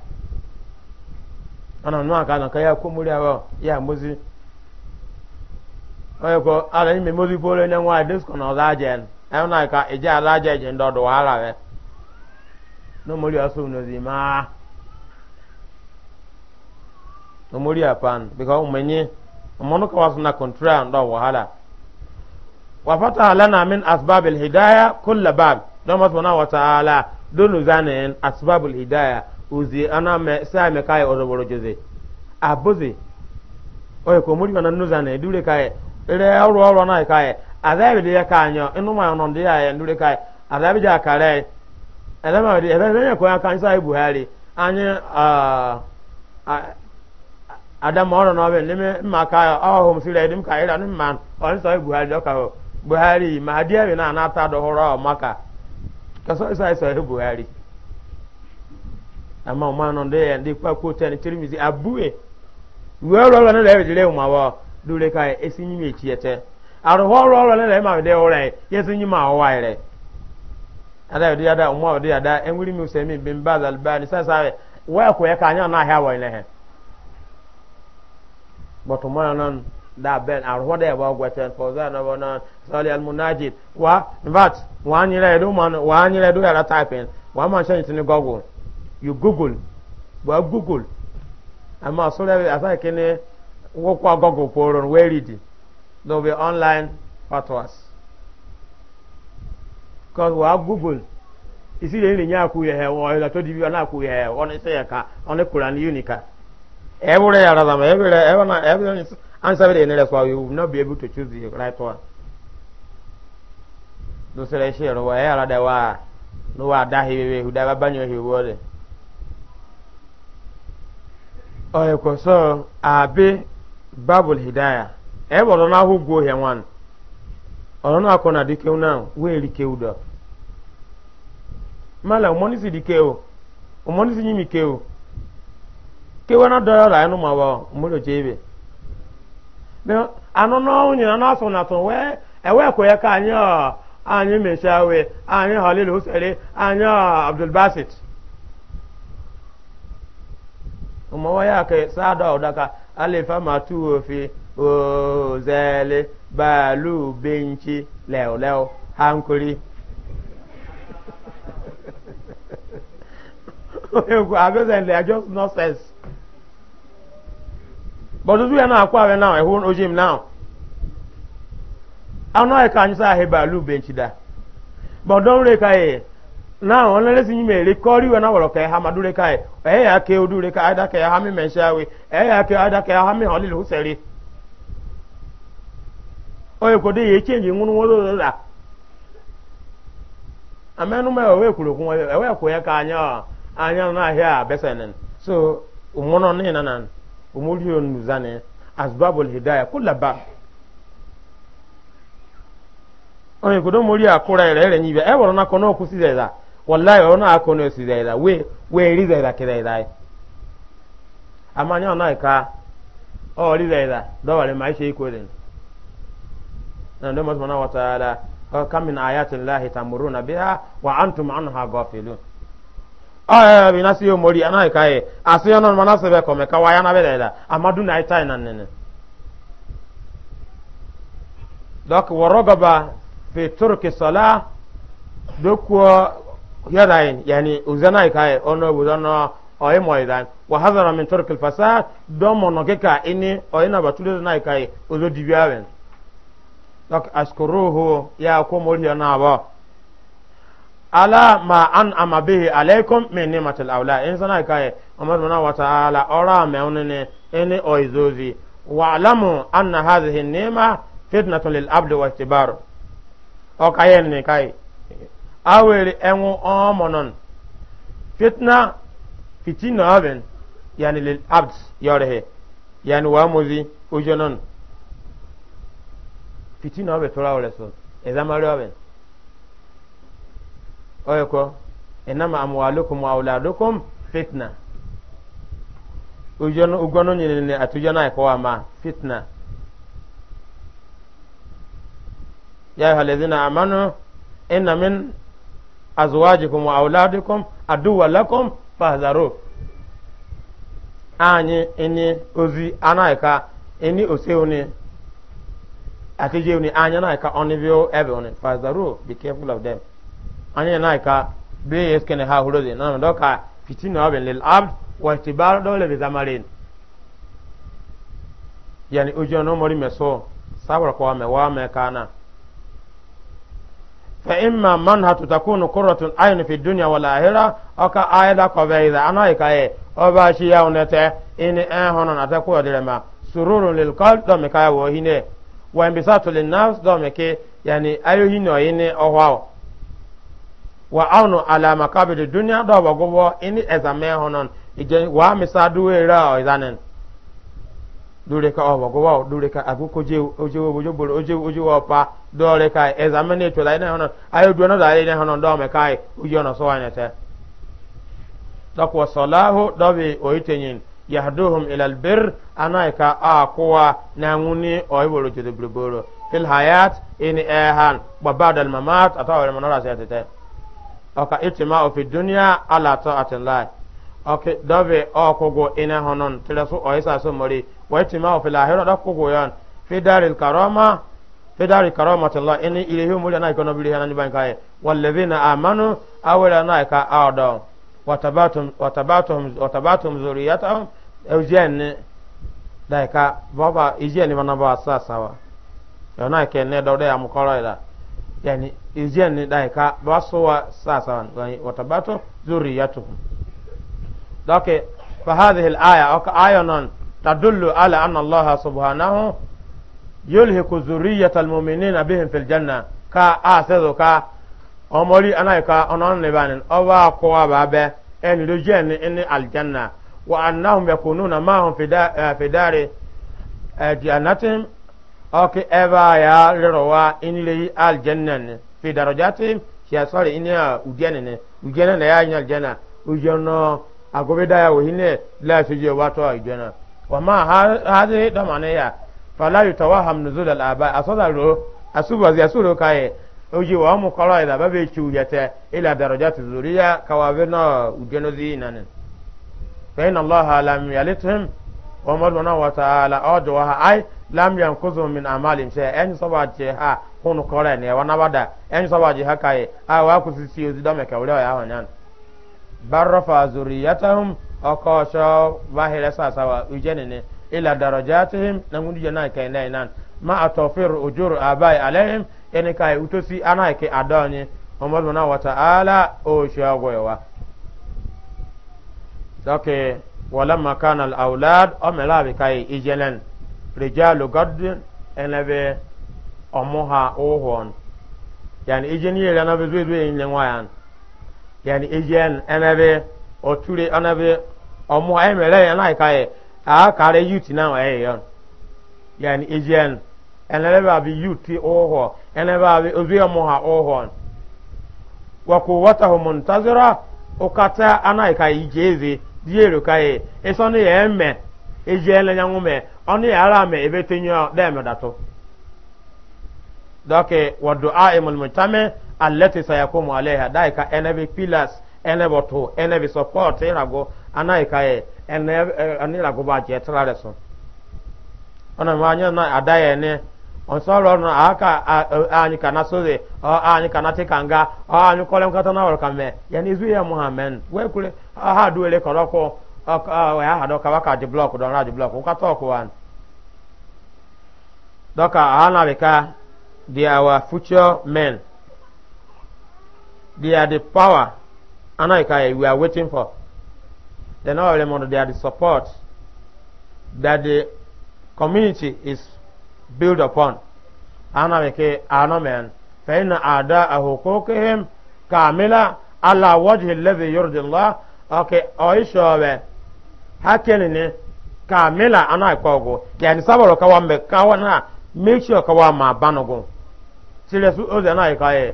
ana nwa ka na kai ya ko muri abo ya muzi onye ko ala ime mozi kwuo onye nwaanyị disko na ọza ajen ẹnu náà ka ìjẹ alájẹ ìjẹ ń dọdọ wàhálà rẹ n'omori ọsọ onozi máa omori apan bíkọ ọmọnyi ọmọnukọ wa sọnà kọntra ndọ wàhálà wàfàtà alana min asbabil hidaya kulla bab na sọ̀nà ala dunu zanin asbabil hidaya ozi ana mẹ sáà mẹ ka ọ̀dọ̀ wọ̀rọ̀ jose àbóse ọ̀yẹ̀kọ̀ omori wọn nù dure ka káyọ̀. ere ọrụ ọrụ na ikaye azabi de ya kanyo inu ma ono de ya ndure kai azabi ja kare ele ma de ebe ne ko ya kan sai buhari anyi ah ọrụ na obe nime mma ka ọhụ m sire edim ka ira ni man ọni sai buhari do ka ho buhari ma hadiya bi na anata do ọ maka kaso isa sai buhari ama ọmọ anọ ndị ya ndị kpakpo tẹni tirimizi abue wee ọrụ ọrụ na lẹbi dịrị ụmụ abụọ dure e e, e, ka esi nyima echiete arụhụ ọrụ ọrụ na ma dị ụra ya esi nyima ọwa ire ada yodi ada umma yodi ada enwiri mi usemi bin baz sa sasa wa ko ya ka kanya na ha wa ile he but umma nan da ben arụhụ da ya ba gweten fọza na bona sali al munajid wa but wa anyira edu man wa anyira edu ya typing wa ma shan tin google you google wa google amma so da asa kene ngwụkwa gọgụl pụrụ wee ridi n'obe online fatwas kọs wa google isi le nri nye akwụ ya ha ọ ịla tọdị biwa na-akwụ ya ha ọ na-ese ya ka ọ na-ekwura na unica ebere ya rara ma ebere ebe na ebe answer with any response you will not be able to choose the right one do sere shi ro wa ya e da wa no wa da he we hu da ba banyo he so abi babul hidaya e bọrọ na ahụ gwuo ya nwan ọrọ na akọ na dike na wee rike udo mala umonisi dike o umonisi nyimi ke o kewa na dọrọ la enu mawa mmiri oche ibe anụ n'ọnwụ na n'asụ na atụ wee ewekwa ya ka anyị anyị meshawe anyị halil husari anyị abdulbasit ya yake sada odaka alifa matuofi ozele balu benchi leo leo hankuri they are just nonsense but those we are not akwawe now ehun ojim anụ ana ka anyị sa ahịba alu benchi da but don ka eh na onere si nyime ere kọrị iwe na wọrọ ka ha madure ka e ya ke odure ka ada ka ha mi meshawe e ya ke ada ka ha mi holil huseri oye ko de ye change ngunu wodo da amenu me we kuro kun we we ko ya ka anya anya na ahia besenen so umono ni nanan umuri onu zane asbabul hidayah kullaba oye ko do mori akura ere ere nyibe e woro na kono okusi da wallahi ona akono si zaida we we ri zaida ke zaida amanya na ka o ri zaida do wale maisha iko den na ndo mo subhanahu wa ta'ala kam min ayati llahi tamuruna biha wa antum anha ghafilun aya bi nasi yo mori ana ka e asiyo non manase be ko me ka waya na be zaida amadu na itai na nene dok warogaba fi turki salah dokuwa yadayin yani uzana kai ono buzana oyi moidan wa hazara min turk al fasad don mono keka ini oyi na batule na kai ozo dibiawen dak askuruhu ya ko mori na ba ala ma an ama bihi alaikum min nimatil aula in sana kai amma mana wa ta'ala ora me onene ini oyi zozi wa alamu anna hadhihi nima fitnatun lil abdi wa istibaru o kayen ne kai awere enwu ọmọnọn fitna fitina oven yani lil abd yorehe yani wa mozi ojonon fitina oven tora ore so ezamari oven oyeko enama amwalukum wa auladukum fitna ojono ugono nyele ne atujana ko ma fitna ya ayyuhallazina amanu inna min azwajikum wa auladikum aduwa lakum fahzaru anyị ini ozi anaika ini oseuni atijeuni anyị anaika onivio ebeuni fahzaru be careful of them anyị anaika be yeskene ha hurozi na mdo ka fitina obin lil abd wa itibar dole bi zamarin yani ujo no mori meso sabar kwa me wa me kana فإما منها تكون قرة عين في الدنيا والآخرة أكا آيدا قبيدا أنا إكاي أباشي يونتي إن أهنا نتكو دلما سرور للقلب دمكا وهنا وانبساط للنفس دمكا يعني أيهنا إن أهواو وأونو على مقابل الدنيا دو بغبو إن أزامي هنا إجي وامسادو إراو إذانن lórí ka ọ̀bọ̀ kó wà lórí ka àkókò ojúwò ojúbòrò ojúwò ọ̀pá dọ́ọ̀rẹ́ ka ẹ̀zámẹ́nì ètò láyé náà hàn ayé dùn náà láyé náà hàn dọ́ọ̀mẹ́ ká yẹ ojú ọ̀nà sọ́wọ́ ẹ̀yẹ tẹ́. dọ́kọ̀ sọ̀láhù dọ́bi oyitẹ̀yìn yahduhum ilalbir anáyíká àkówá náà ń ní ọ̀yẹ́bòrò jòdòbòrò filhayat ẹni ẹ̀hán bàbá àdàlmamat àtàwọn ẹ̀rọ ok dove o kogo ina honon tira su o isa su mori wati ma fi lahira da kogo yan fi daril karama fi daril karama tilla ini ilahi muli na ikono bili hanan ban kai wallazina amanu awala na ka awdo watabatum watabatum watabatum zuriyatahum awjen da ka baba ijen mana ba sawa. yana ke ne dawda ya mukoro ila yani ijen da ka ba so wa sasawa watabatum zuriyatum. دوك فهذه الآية أو آية تدل على أن الله سبحانه يلهك ذرية المؤمنين بهم في الجنة كا آسدو كا أمولي أنا كا أنان لبان أوا قوا بابا أن لجن إن الجنة وأنهم يكونون معهم في دار في دار جنتهم أوكي إبا يا لروا إن لي الجنة في درجاتهم هي صار إن يا وجنة وجنة يا إن الجنة وجنة agobe da ya hine la fi je wato ajana wa ma hadi ya fala yutawaham nuzul al aba asada ro asuba zi asuro kaye oji wa mu kala ila babe chu yete ila darajati zuriya kawabina ujenozi nanin fa inna allaha lam yalithum wa madwana wa ta'ala ajwa ay lam yankuzu min amalin shay en sabaje ha hun kore ne wa nabada en sabaje ha kaye a wa kusisi ozi da me kawle ya hanan barrafa zuriyatahum okosho bahira sasawa ujenene ila darajatihim na ngundu jana kai nai nan ma atofir ujur abai alaihim ene kai utosi anaike ke adonye umar na wa ta'ala o shagwewa doke walamma kana al aulad amela bi kai ijelen rijalu gadin enebe omuha ohon yani ijeni yele na bezwe bezwe yin wayan yani ejen enebe oture ọmụ emere ya na ka a kare youth na ya yon yani ejen enebe abi youth oho enebe abi ozi ọmụ ha oho wa quwwatahu muntazira ukata ana ka ijeze diero ka e. eso ni eme ejen le ara me ebe doke wa du'a imul التي سيقوم عليها دايكا انيفي فيلاس انيفو تو انيفي سبورت ايراغو انايكا اي انيراغو باجي اترارسو انا ما انا اداي اني on sọrọ ọrụ na aka anyị ka na sozi ọ anyị ka na tịka nga ọ anyị kọrọ nkata na ọrụ ka mee ya n'izu ya mụ ha mee nụ wee kwuru ha dị were kọrọ ọkụ ọkụ ha dị ọkawa ka dị blọkụ dọrọ dị blọkụ nkata ọkụ ha nụ dọka ha na-abịa ka dị awa fuchọ mee nụ they are the power anaika we are waiting for then all remember they are the support that the community is built upon anaike anomen فإن أعداء حقوقهم كاملة على وجه الذي يرضي الله أوكي أيشوا هكذا kamila ana kogo yani sabaro kawambe kawana make sure kawama banogo sile su oze na ikaye eh.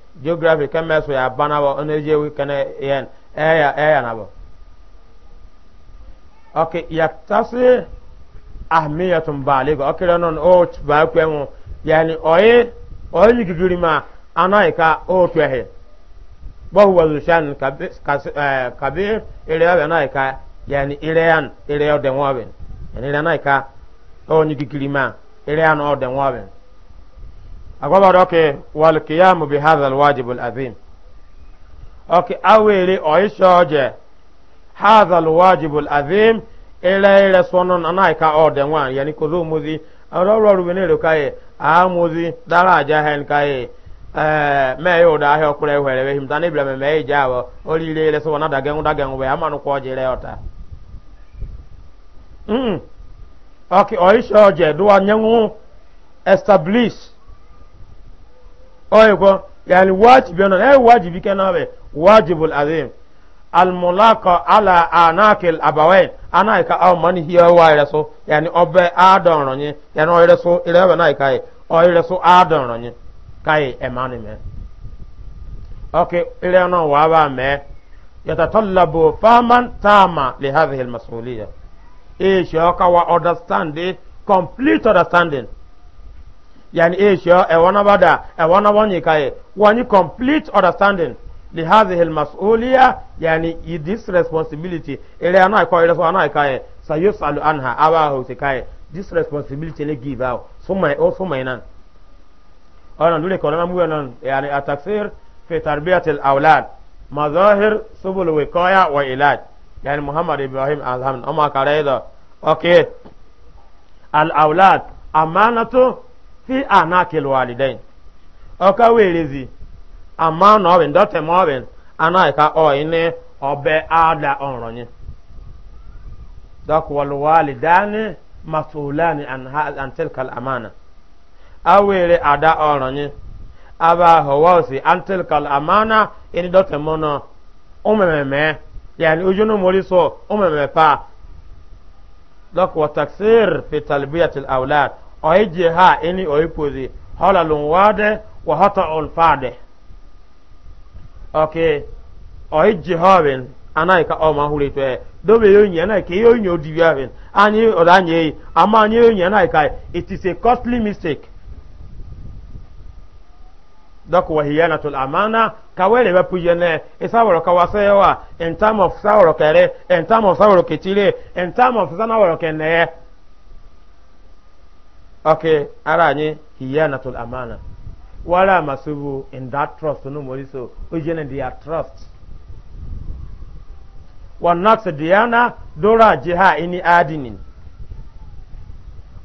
geography kɛmɛ so yɛ abana energy ɔno eje wi kɛnɛ yɛn ɛyɛ bo na ya ɔke yaktasi ahmiyatun baali ko ɔkele nɔn o oh, baa kpɛ mu yɛni ɔye ɔye nyi ma ana yi ka o oh, tɔ he bɔhu wa lushan kabi ɛɛ eh, kabi ireya bɛ ana yi ka yɛni ireyan ireya ɔdɛn wɔ bɛ yɛni ireya ana yi ka o oh, nyi duduri ma ireya na ɔdɛn wɔ bɛ. agwaba doke wal qiyamu bi hadha al azim oke awere oishoje hadha al wajib al azim ila ila sonon anaika ode nwan yani ko zumuzi awro ru benero kai amuzi daraja hen kai eh me yo da he okure hwere we himta ne bla me me jawo orire ile so na dagen dagen we amanu ko jire ota mm oke oishoje do anyanwu establish oyiko yani wajibi non ay wajibi kenabe wajibul azim al mulaqa ala anakil abawain anaika aw man hiyo wa so yani obe adonro ni yani oyire so irebe na ikai oyire so adonro ni kai emani me ok ile no wa ba me yatatallabu fahman tama li hadhihi al mas'uliyah e shoka wa understand complete understanding yani esho eh, e eh, wana bada e wana wani kaye wani complete understanding li hadhihi almas'uliyya yani this responsibility ile ana ko ile so ana kaye sayusalu anha awa ho se kaye this responsibility le give out so my o oh, so my nan ana dole ko na mu nan yani ataksir fi tarbiyat alawlad mazahir subul wiqaya wa ilaj yani muhammad ibrahim alhamd amma kare da okay alawlad amanatu fi anakil walidain ọka werezi ama na ọbin dọta ma ọbin anaika ọyini ọbẹ ada ọrọnyi dọkwal walidani masulani an tilkal amana awere ada ọrọnyi aba hawasi an tilkal amana ini dọta mọ na umememe yani ujunu mori so umememe pa dọkwal taksir fi talbiyatil aulad oyi ha eni oyi pozi holalun wade wa hata ulfade ok oyi jihorin anaghị ka ọma hụrụ etu ya dobe ya onye anaghị ka ihe onye odibi ahụ anyị ọdọ anya eyi ama anyị nye anaghị ka it is a costly mistake dɔk wa hiyanatul amana ka wele ba pujene isaworo e ka wa in term of saworo kere in term of saworo ketire in term of sanaworo keneye Ok, ara anyị hiyanatul amana wala masubu in that trust no mori so ujene dia trust wa nafs diana dora ha ini adinin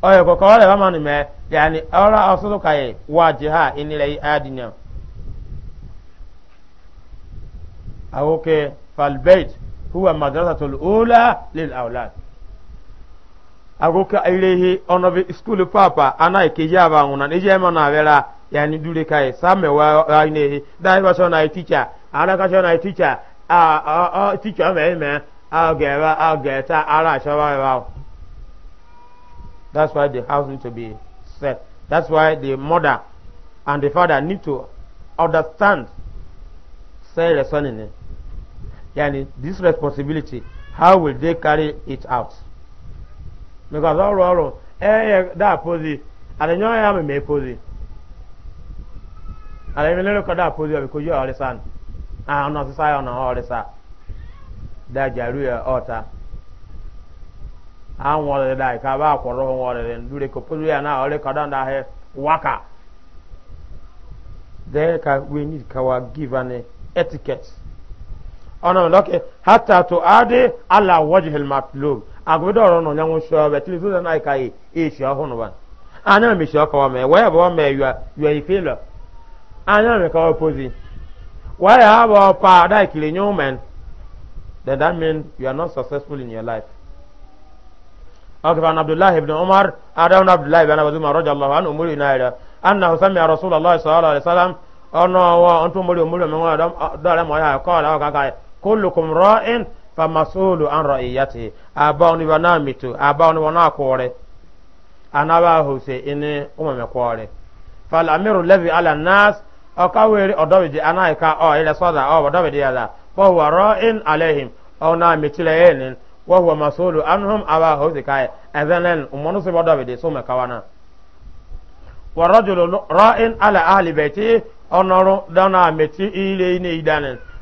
oyo ko ọrịa le na me yani ọrịa asudu kai wa jiha ini le adinya awoke fal bait huwa madrasatul ula lil awlad agoka ilehi onobi school papa ana ikeji aba nguna nije ema na vera yani dure kai same wa inehi dai ba shona teacher ara ka shona teacher a a teacher me me a gera a geta ara shawa wa that's why the house need to be set that's why the mother and the father need to understand say resoning yani this responsibility how will they carry it out because ọrụ ọrụ eye e, da pozi adenyo ya me me pozi ale me lero kada pozi obi ko yo ore san ah no se sai ona ore sa da jaru ya ota an wore da ka ba kworo ho wore den dure ko pozi ya na ore kada ndị he waka dee ka we need kawa give an etiquette ona loke hatta to adị ala wajhil matlub agụbịda ọrụ na ọnyanwụ shọọ bụ etiri na na ịka eshi ọhụrụ ba anya mi shi ọkọwa mee wee bụ ọma yụa yụa ife anya mi ka ọpozi wee ha bụ ọpa ada nye ụmụ then that means you are not successful in your life أكفى عن عبد الله بن عمر أدون عبد Abdullahi بن عبد رضي الله عنه أمور إنايرة أنه سمع رسول famasulu an ra'iyati abaw ni wana mitu abaw ni wana kore anaba hose ini umame kore fal amiru levi ala nas ọka were ọdọbidi anaika ọ ilẹ sọdà ọ ọdọbidi yàda fọwọ rọin alehim ọ na mitile yenin wọwọ masolu anuhum aba hose kai ẹzẹnẹn umọnu sọ ọdọbidi sọmọ kawana wọrọjulu rọin ala ahli bẹti ọnọrọ dọna meti ile ine idanin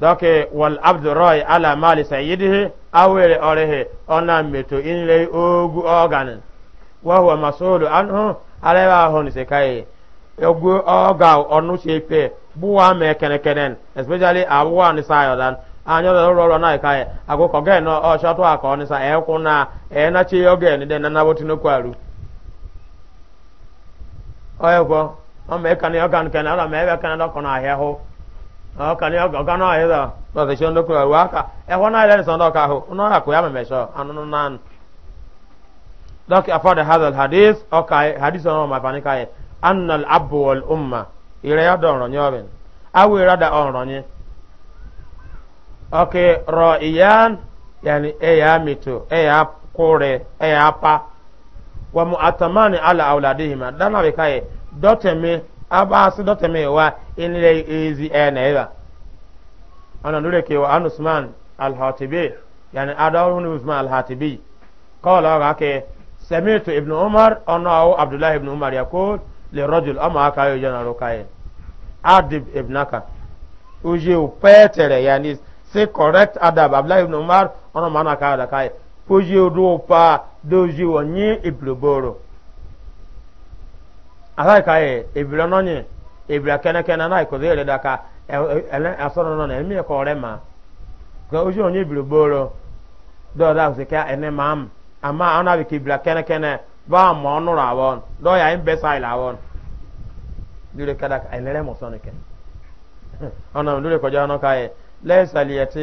dɔke wal abdu rɔy ala maali sayidihi awere ọrịa ɔna meto inre ogu ɔgani wahuwa masulu anhu ala hon se ogu ɔga ɔnu shepe buwa me kenekenen especially abuwa ni sayo dan anyo da roro ọrụ kai ago no sa na ni de kwaru ọka ni ọga na ayị da ọsị chọ ndokwu ọrụ aka ẹhọ na ayịla nsọ ndọka ahụ nọ akụ ya mmemme chọ anụnụ naanụ dọkị afọdụ hazard hadis ọka hadis ọnụ ma fani kaị annal abu wal ire ya dọ nrọnye ọbịn awụ ire da ọnrọnye ọkị rọ iyan yani eya mito eya kure eya pa wa mu atamani ala auladihima dana bi kaị dọtemi abaasi dɔtɛmɛ wa enile ezi ɛna eva ana nure ke wa anu usman alhatibi yani adawru ni usman alhatibi kɔɔla wa ke samitu ibn umar ɔnɔ awo abdullahi ibn umar yakul le rɔjul ɔmɔ aka yɔ jɔna ro ka ye adib ibnaka oje o pɛɛtɛrɛ yani se correct adab abdullahi ibn umar ɔnɔ mana ka yɔ da ka ye oje o do pa doje o nye ibloboro. ala ka ebira nɔnyi ebira kɛnɛkɛnɛ n'a ye kɔdɔ yɛrɛ da ka ɛlɛ asɔrɔ nɔnɔ ɛmi yɛ kɔɔrɛ ma ka o zɔn ye biro booro dɔw da se ka ɛnɛ ama ana bi kɛnɛkɛnɛ ba mɔɔ nɔrɔ awɔ dɔw y'a sa ɛlɛrɛ mɔsɔn ne kɛ lórí kɔjá ka lɛsaliyɛti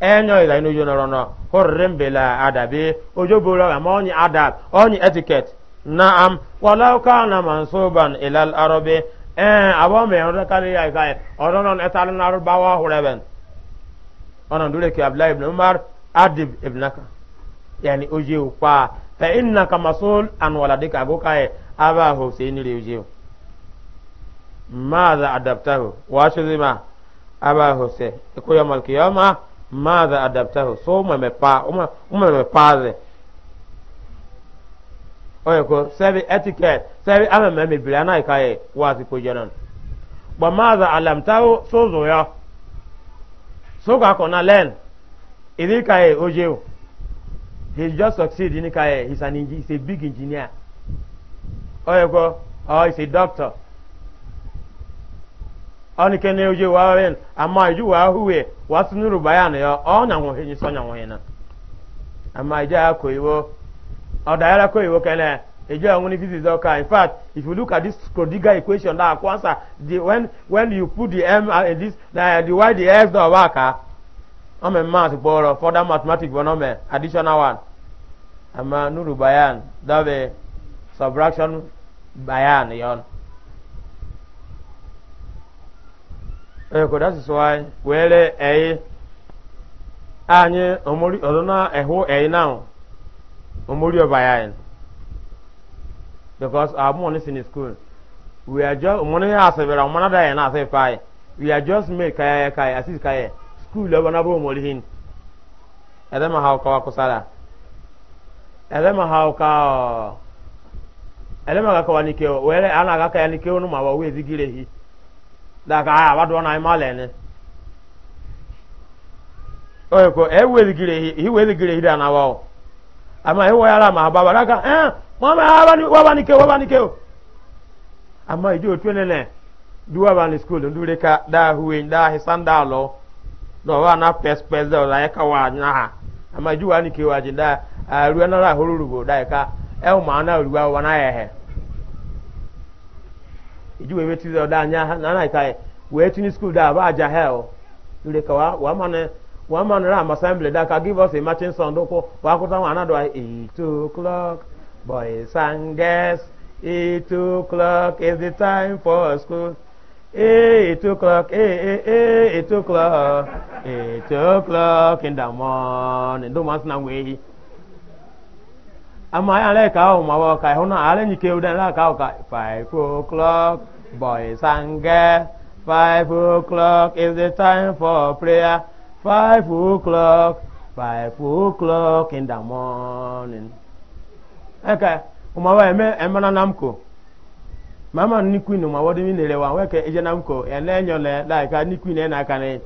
enyo ila inu jonoro no horrim bela adabi ojo boro ma onyi adab onyi etiquette na'am walau kana mansuban ila al-arabi eh abo me on kali ya kai odono etal na arbawa hureben onon dule ki abla ibn umar adib ibnaka yani oje upa fa innaka masul an waladika go kai aba ho se ni reje ماذا أدبته واشذما أبا حسين يقول يوم القيامة ماذا أدبته سو ما مبا وما وما مبازه oye ko sɛbi etiquette sɛbi ama mɛmi bila n'a ye k'a ye waati ko jɛnɛn bɔn maaza alamtawo so zoya so ka kɔnɔ lɛn idi k'a ye o jeu he just succeed ni k'a ye he's an engineer he's a big engineer Oh, you go. oh he's a doctor ọnụ ke na-eje wa wen ama iju wa huwe wa sunuru bayan ya ọnya nwo hinyi sonya nwo na. ama ije ya ko iwo ọdayara ko iwo kene eje ọnwụ ni physics ọka in fact if you look at this prodigal equation that akwansa the when when you put the m in uh, this the y the x dọ wa ka ọmọ math kpọrọ further mathematics bụ ọmọ additional one ama nuru bayan dabe subtraction bayan ya eko that is why were eyi anyị omori ọdụna ehụ ei now omori ọbaya because our money is in school we are just money has a very money that na say fine we are just made kaya kaya asis kaya school ọba na bụ omori hin ẹdẹ ma ha ọkọ wa kusara ẹdẹ ma ha ọkọ ẹdẹ ma ka kọwa nike were ana aga kaya nike onu ma wa ezigire girehi daga aya ah, wadu na imalene oye ko e weligire hi weligire hi da na wao ama he wo yala ma baba daga eh mama abani wabani ke wabani ke ama ijo twenene duwa ba ni school ndure ka da huwe da hi sandalo do wa na pespes da la ka wa nya ha ama ijo wa ni ke wa jinda ah, ruwa na ra da ka e eh, ma na ruwa wa na ehe iji wee metụta ọda anya ha na anaghịka wee tinye skuul da aba aja hel ire ka wa ma nara amasembly da ka give us a marching song dụkwụ wa akwụta nwa anadụ eight o'clock boys and girls eight o'clock is the time for school eight o'clock eh, eh, eh, eight o'clock eight o'clock in the morning dụ masị na nwee ehi ama ya ala ka ahụ ma ọ ka ịhụ na ala nyike ụda ala ka ahụ ka five o'clock boys and girls. Five o'clock is the time for prayer. Five o'clock, five o'clock in the morning. Okay, umawa eme emana namko. Mama ni queen umawa dimi nelewa weke eje namko ene nyole like ni queen ena kane.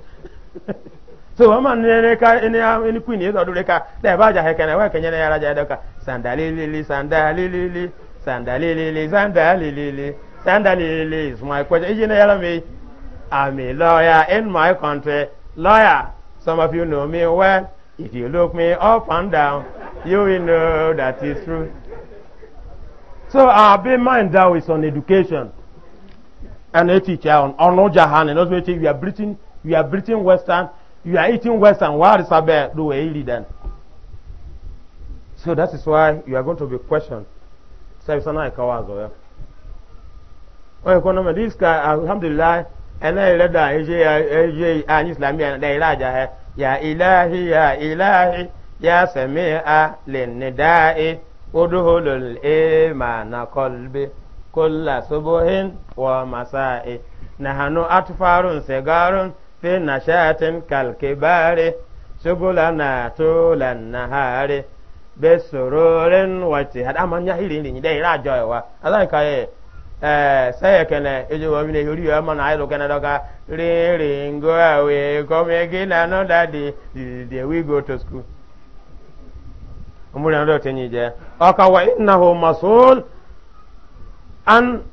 so mama nene ka ene ni queen ezo dure ka da ba ja hekene weke nyene yara lili doka lili sandalili lili sandalili lili. Send Sandalili release. my question. Is you know me? I'm a lawyer in my country. Lawyer. Some of you know me well. If you look me up and down, you will know that is true. So our big mind now is on education. And a teacher on Ono Jahan and also we are breathing we are breathing Western, you we are eating Western, what is about do we then? So that is why you are going to be questioned. So Sasa na ikawazo yeah. oye kono ma dis ka alhamdulillah ana ila da eje ya eje an islamiya da ila ja he ya ilahi ya ilahi ya sami'a lin nida'i udhulul imana qalbi kulla subuhin wa masa'i nahanu atfarun sigarun fi nashatin kalkibari na tulan nahari bisururin wati hada man yahiri ni da ila ja wa alai Eh, sɛyɛ kɛnɛ ejo wɔ wile yori yɔ ma na ayi do kɛnɛ dɔ ka riri ngo awe kɔmi na no da we go to school omuli anadɔ tɛ nyi jɛ ɔka wa innahu masul an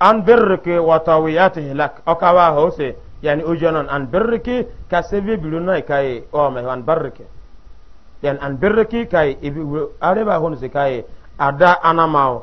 an birriki wa tawiyatihi lak ɔka wa hose yani ojo non an birriki ka sebi bilu noi kai o me an birriki yani an birriki kai ibi areba ka kai ada anamao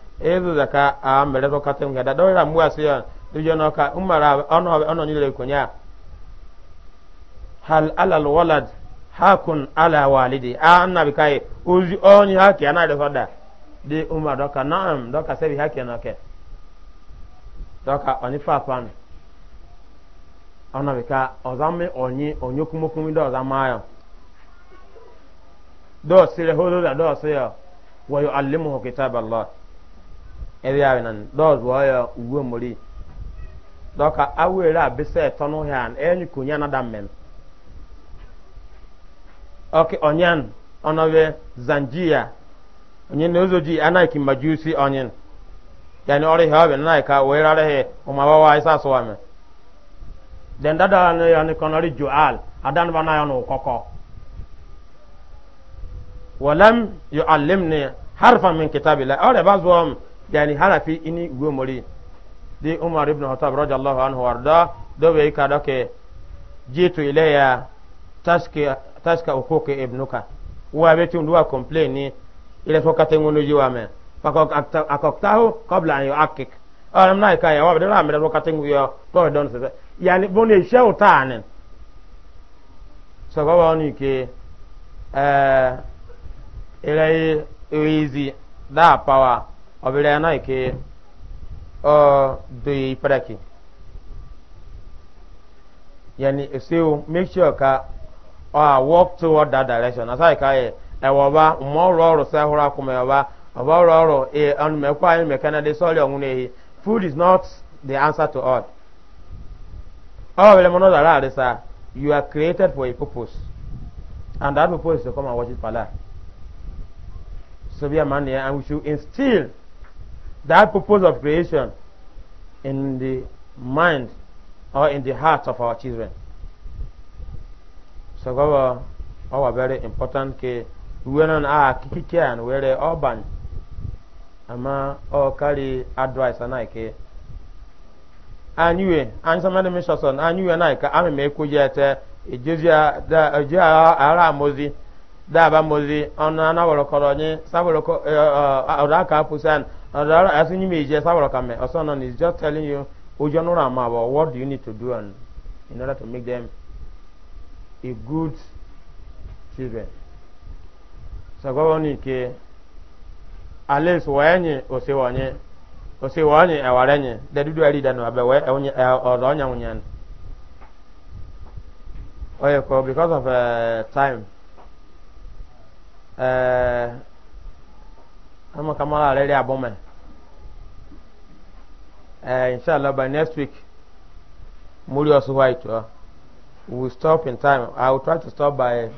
ezu zaka a mere zo katem ga da dora mu asiya dujo no ka umara ono ono nyile kunya hal alal walad hakun ala walidi a annabi kai uzi onyi haki ana da fada de umar doka na'am doka sai haki na ke doka oni fa pan ona bika ozami onyi onyokumokumi do ozamayo do sire hodo da do sire wa yu'allimuhu kitaballah ebe ya na dọz wọyọ uwe mori dọka awere abisa etọnu han enyi onye na damen oke onyan onowe zanjia onye na ozoji anaiki majusi onyen yani ori habe na ka werare he umawa wa isa suwame den dada na ya yani konori jual adan ni harfa koko walam yuallimni harfan min kitabillah ore m. yani harafi ini gomori di umar ibn khattab radiyallahu anhu warda do be ka do ke jitu ilayya taske taska ukuki ibnuka wa be tun duwa complain ni ile so kate ngono jiwa me pakok akoktahu qabla an yuakik alam ah, nay ka ya wa be ram do kate nguyo do don se yani bone shew tane so baba oni ke eh ile wizi da power obìnrin náà ke ọ doye pẹrẹkì yẹni esewo make sure ka ọ uh, work toward that direction asa ika yẹ e, ẹwọ e ọba mọ ọrọ ọrọ sẹhọrọ akọmọ ọba ọba ọrọ ọrọ ẹ e, ọnùmẹkọ ayé mẹkẹnẹdẹ sọlẹ ọhún ẹhẹ food is not the answer to all ọbẹrẹ mọ náà dàrá àrísà you are created for a purpose and that purpose is to come and worship allah so be a man there and we should instill that purpose of creation in the mind or in the heart of our children. So our uh, our very important ke we náà a kíkí and wẹ́rẹ́ ọ̀bàn àmọ́ ọ kárí advice náà ke anyiwe anyisamani mishason anyiwe náà ka ami ma ekwu ya ete ejeji ara amozi daaba mozi ọnụ anawọrọkọrọ onye sabọrọ uh, uh, ọdọ aka apụsan as Adara asinyi me je sabro kame. Osonon is just telling you ujonura about what do you need to do and in order to make them a good children. Sagwa ni ke ales wanye ose wanye ose wanye ewarenye de dudu ari da no abewe onye ozo onya onyan. Oye ko because of uh, time. Uh, ama kama la rẹ rẹ abọ mẹ inshallah by next week muri ọsùn white ọ uh, we stop in time i will try to stop by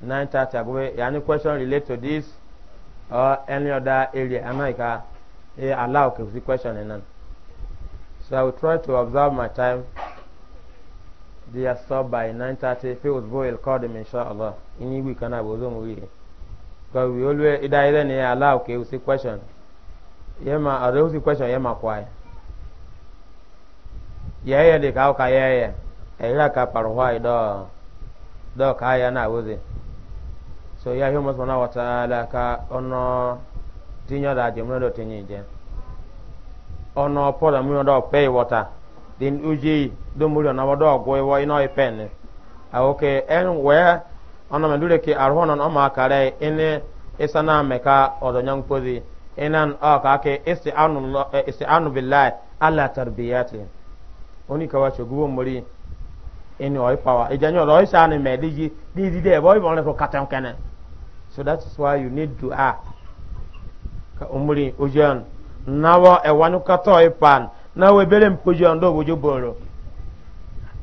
nine thirty agogo yanni question relate to this or any other area ana ika e eh, allow kefisi question ẹ nan so i will try to observe my time they are stopped by nine thirty fi osbo el kọọdum inshallah ini week ana abu ozom week because we always ida ida ni allow ke usi question yema are usi question yema kwa. yeye de ka ka yeye e, ila ka parwa ido do kaya na wuzi so ya hiyo subhanahu wa ta'ala ka ono tinyo da jemno do tinyi je ono pola mu do pay water din uji do mu na wado go iwo ino ipen awoke en where ana madure ke arhonon o makare ene isana meka odonyan pozi inan o ka ke isti'anu isti'anu billahi ala tarbiyati oni kawa chogubo mori ene o ipawa ijanyo ro isani mediji diji di de boy bon ko katan kene so that is why you need dua ka umuri ojan nawo e wanu kato pan nawo ebere mpojo ndo bojo boro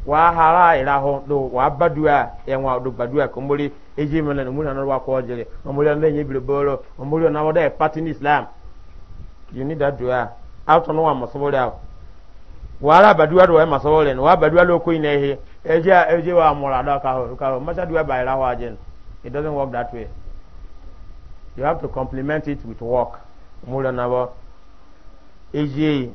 wa hara ila ho do wa badua e wa do badua ko muri eji mena no muna no wa ko jere o muri na nyi bilboro o muri na wa da party in islam you need that dua out no wa masobole out wa ara badua do wa masobole no wa badua lo ko ina ehe eji eji wa mura da ka ho ka ho macha dua ba ila ho it doesn't work that way you have to complement it with work muri na wa eji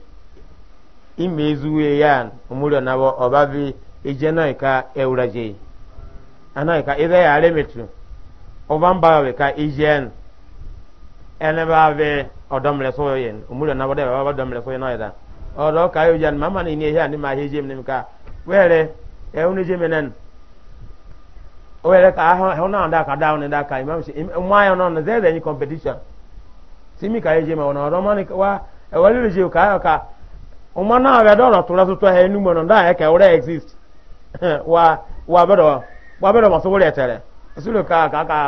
ime ezuwe ya umuri na bo obavi ije na ka euraje ana ka ide ya remetu ovamba we ka ijen ene ba ve odomle so yen umuri na bo de ba odomle so yen na ida odo ka yo jan mama ni ne ya ni ma heje mi e ka were e unu je menen were ka ha ho na nda ka down nda ka imam shi umma yo no ze ze ni competition simi ka heje ma ona odo mani wa e wali je ka ka ụma na abịa dọrọ tụrụ asụtụ ha enu mọnọ ndị eke ụra exist wa wa bedo wa bedo masu wuri etere asụrụ ka ka ka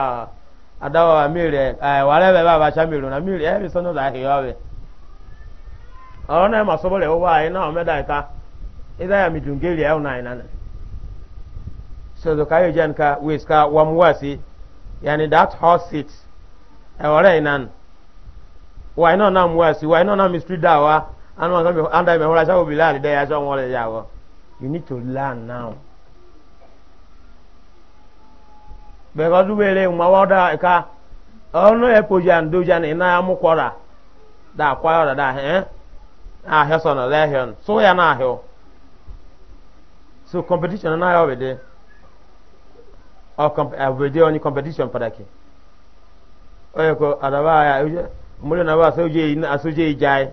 adawa mmiri e, wara ebe baba cha mmiri na mmiri ebe sọ n'ụzọ ahịa ọbịa ọrụ na masu wuri ụwa anyị na omeda ka ịza ya mi dungeri ya ụna anyị na sozo that horse seat ewara inan wa ina na muwasi wa dawa And one come under me, I shall be learning there. I shall want to You need to learn now. Because we live my water, a car. Oh no, a pujan, dujan, and I am a quarter. That quarter, that, eh? Ah, here's on a lehion. So we are not here. So competition, and I already. Or comp, I will only competition for that. Oh, you go, Adabaya, Mulina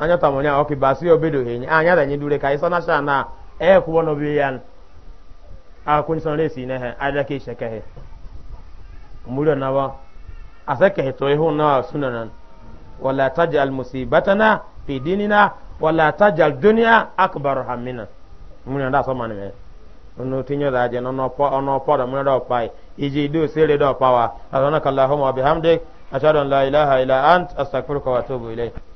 anya tamonya oki basi obedo henye ah, anya da nyidure kai sana shana e kuwa no bi yan a ah, kun son resi ne he ada ke sheke he muro na wa asake he to e na sunanan wala tajal musibatana fi dinina wala tajal dunya akbar hamina muro da so manu me ono tinyo da je no no po ono po da muro da pai e. iji do sele da pawa azanaka allahumma bihamdik ashhadu an la ilaha illa ant astaghfiruka wa atubu ilayk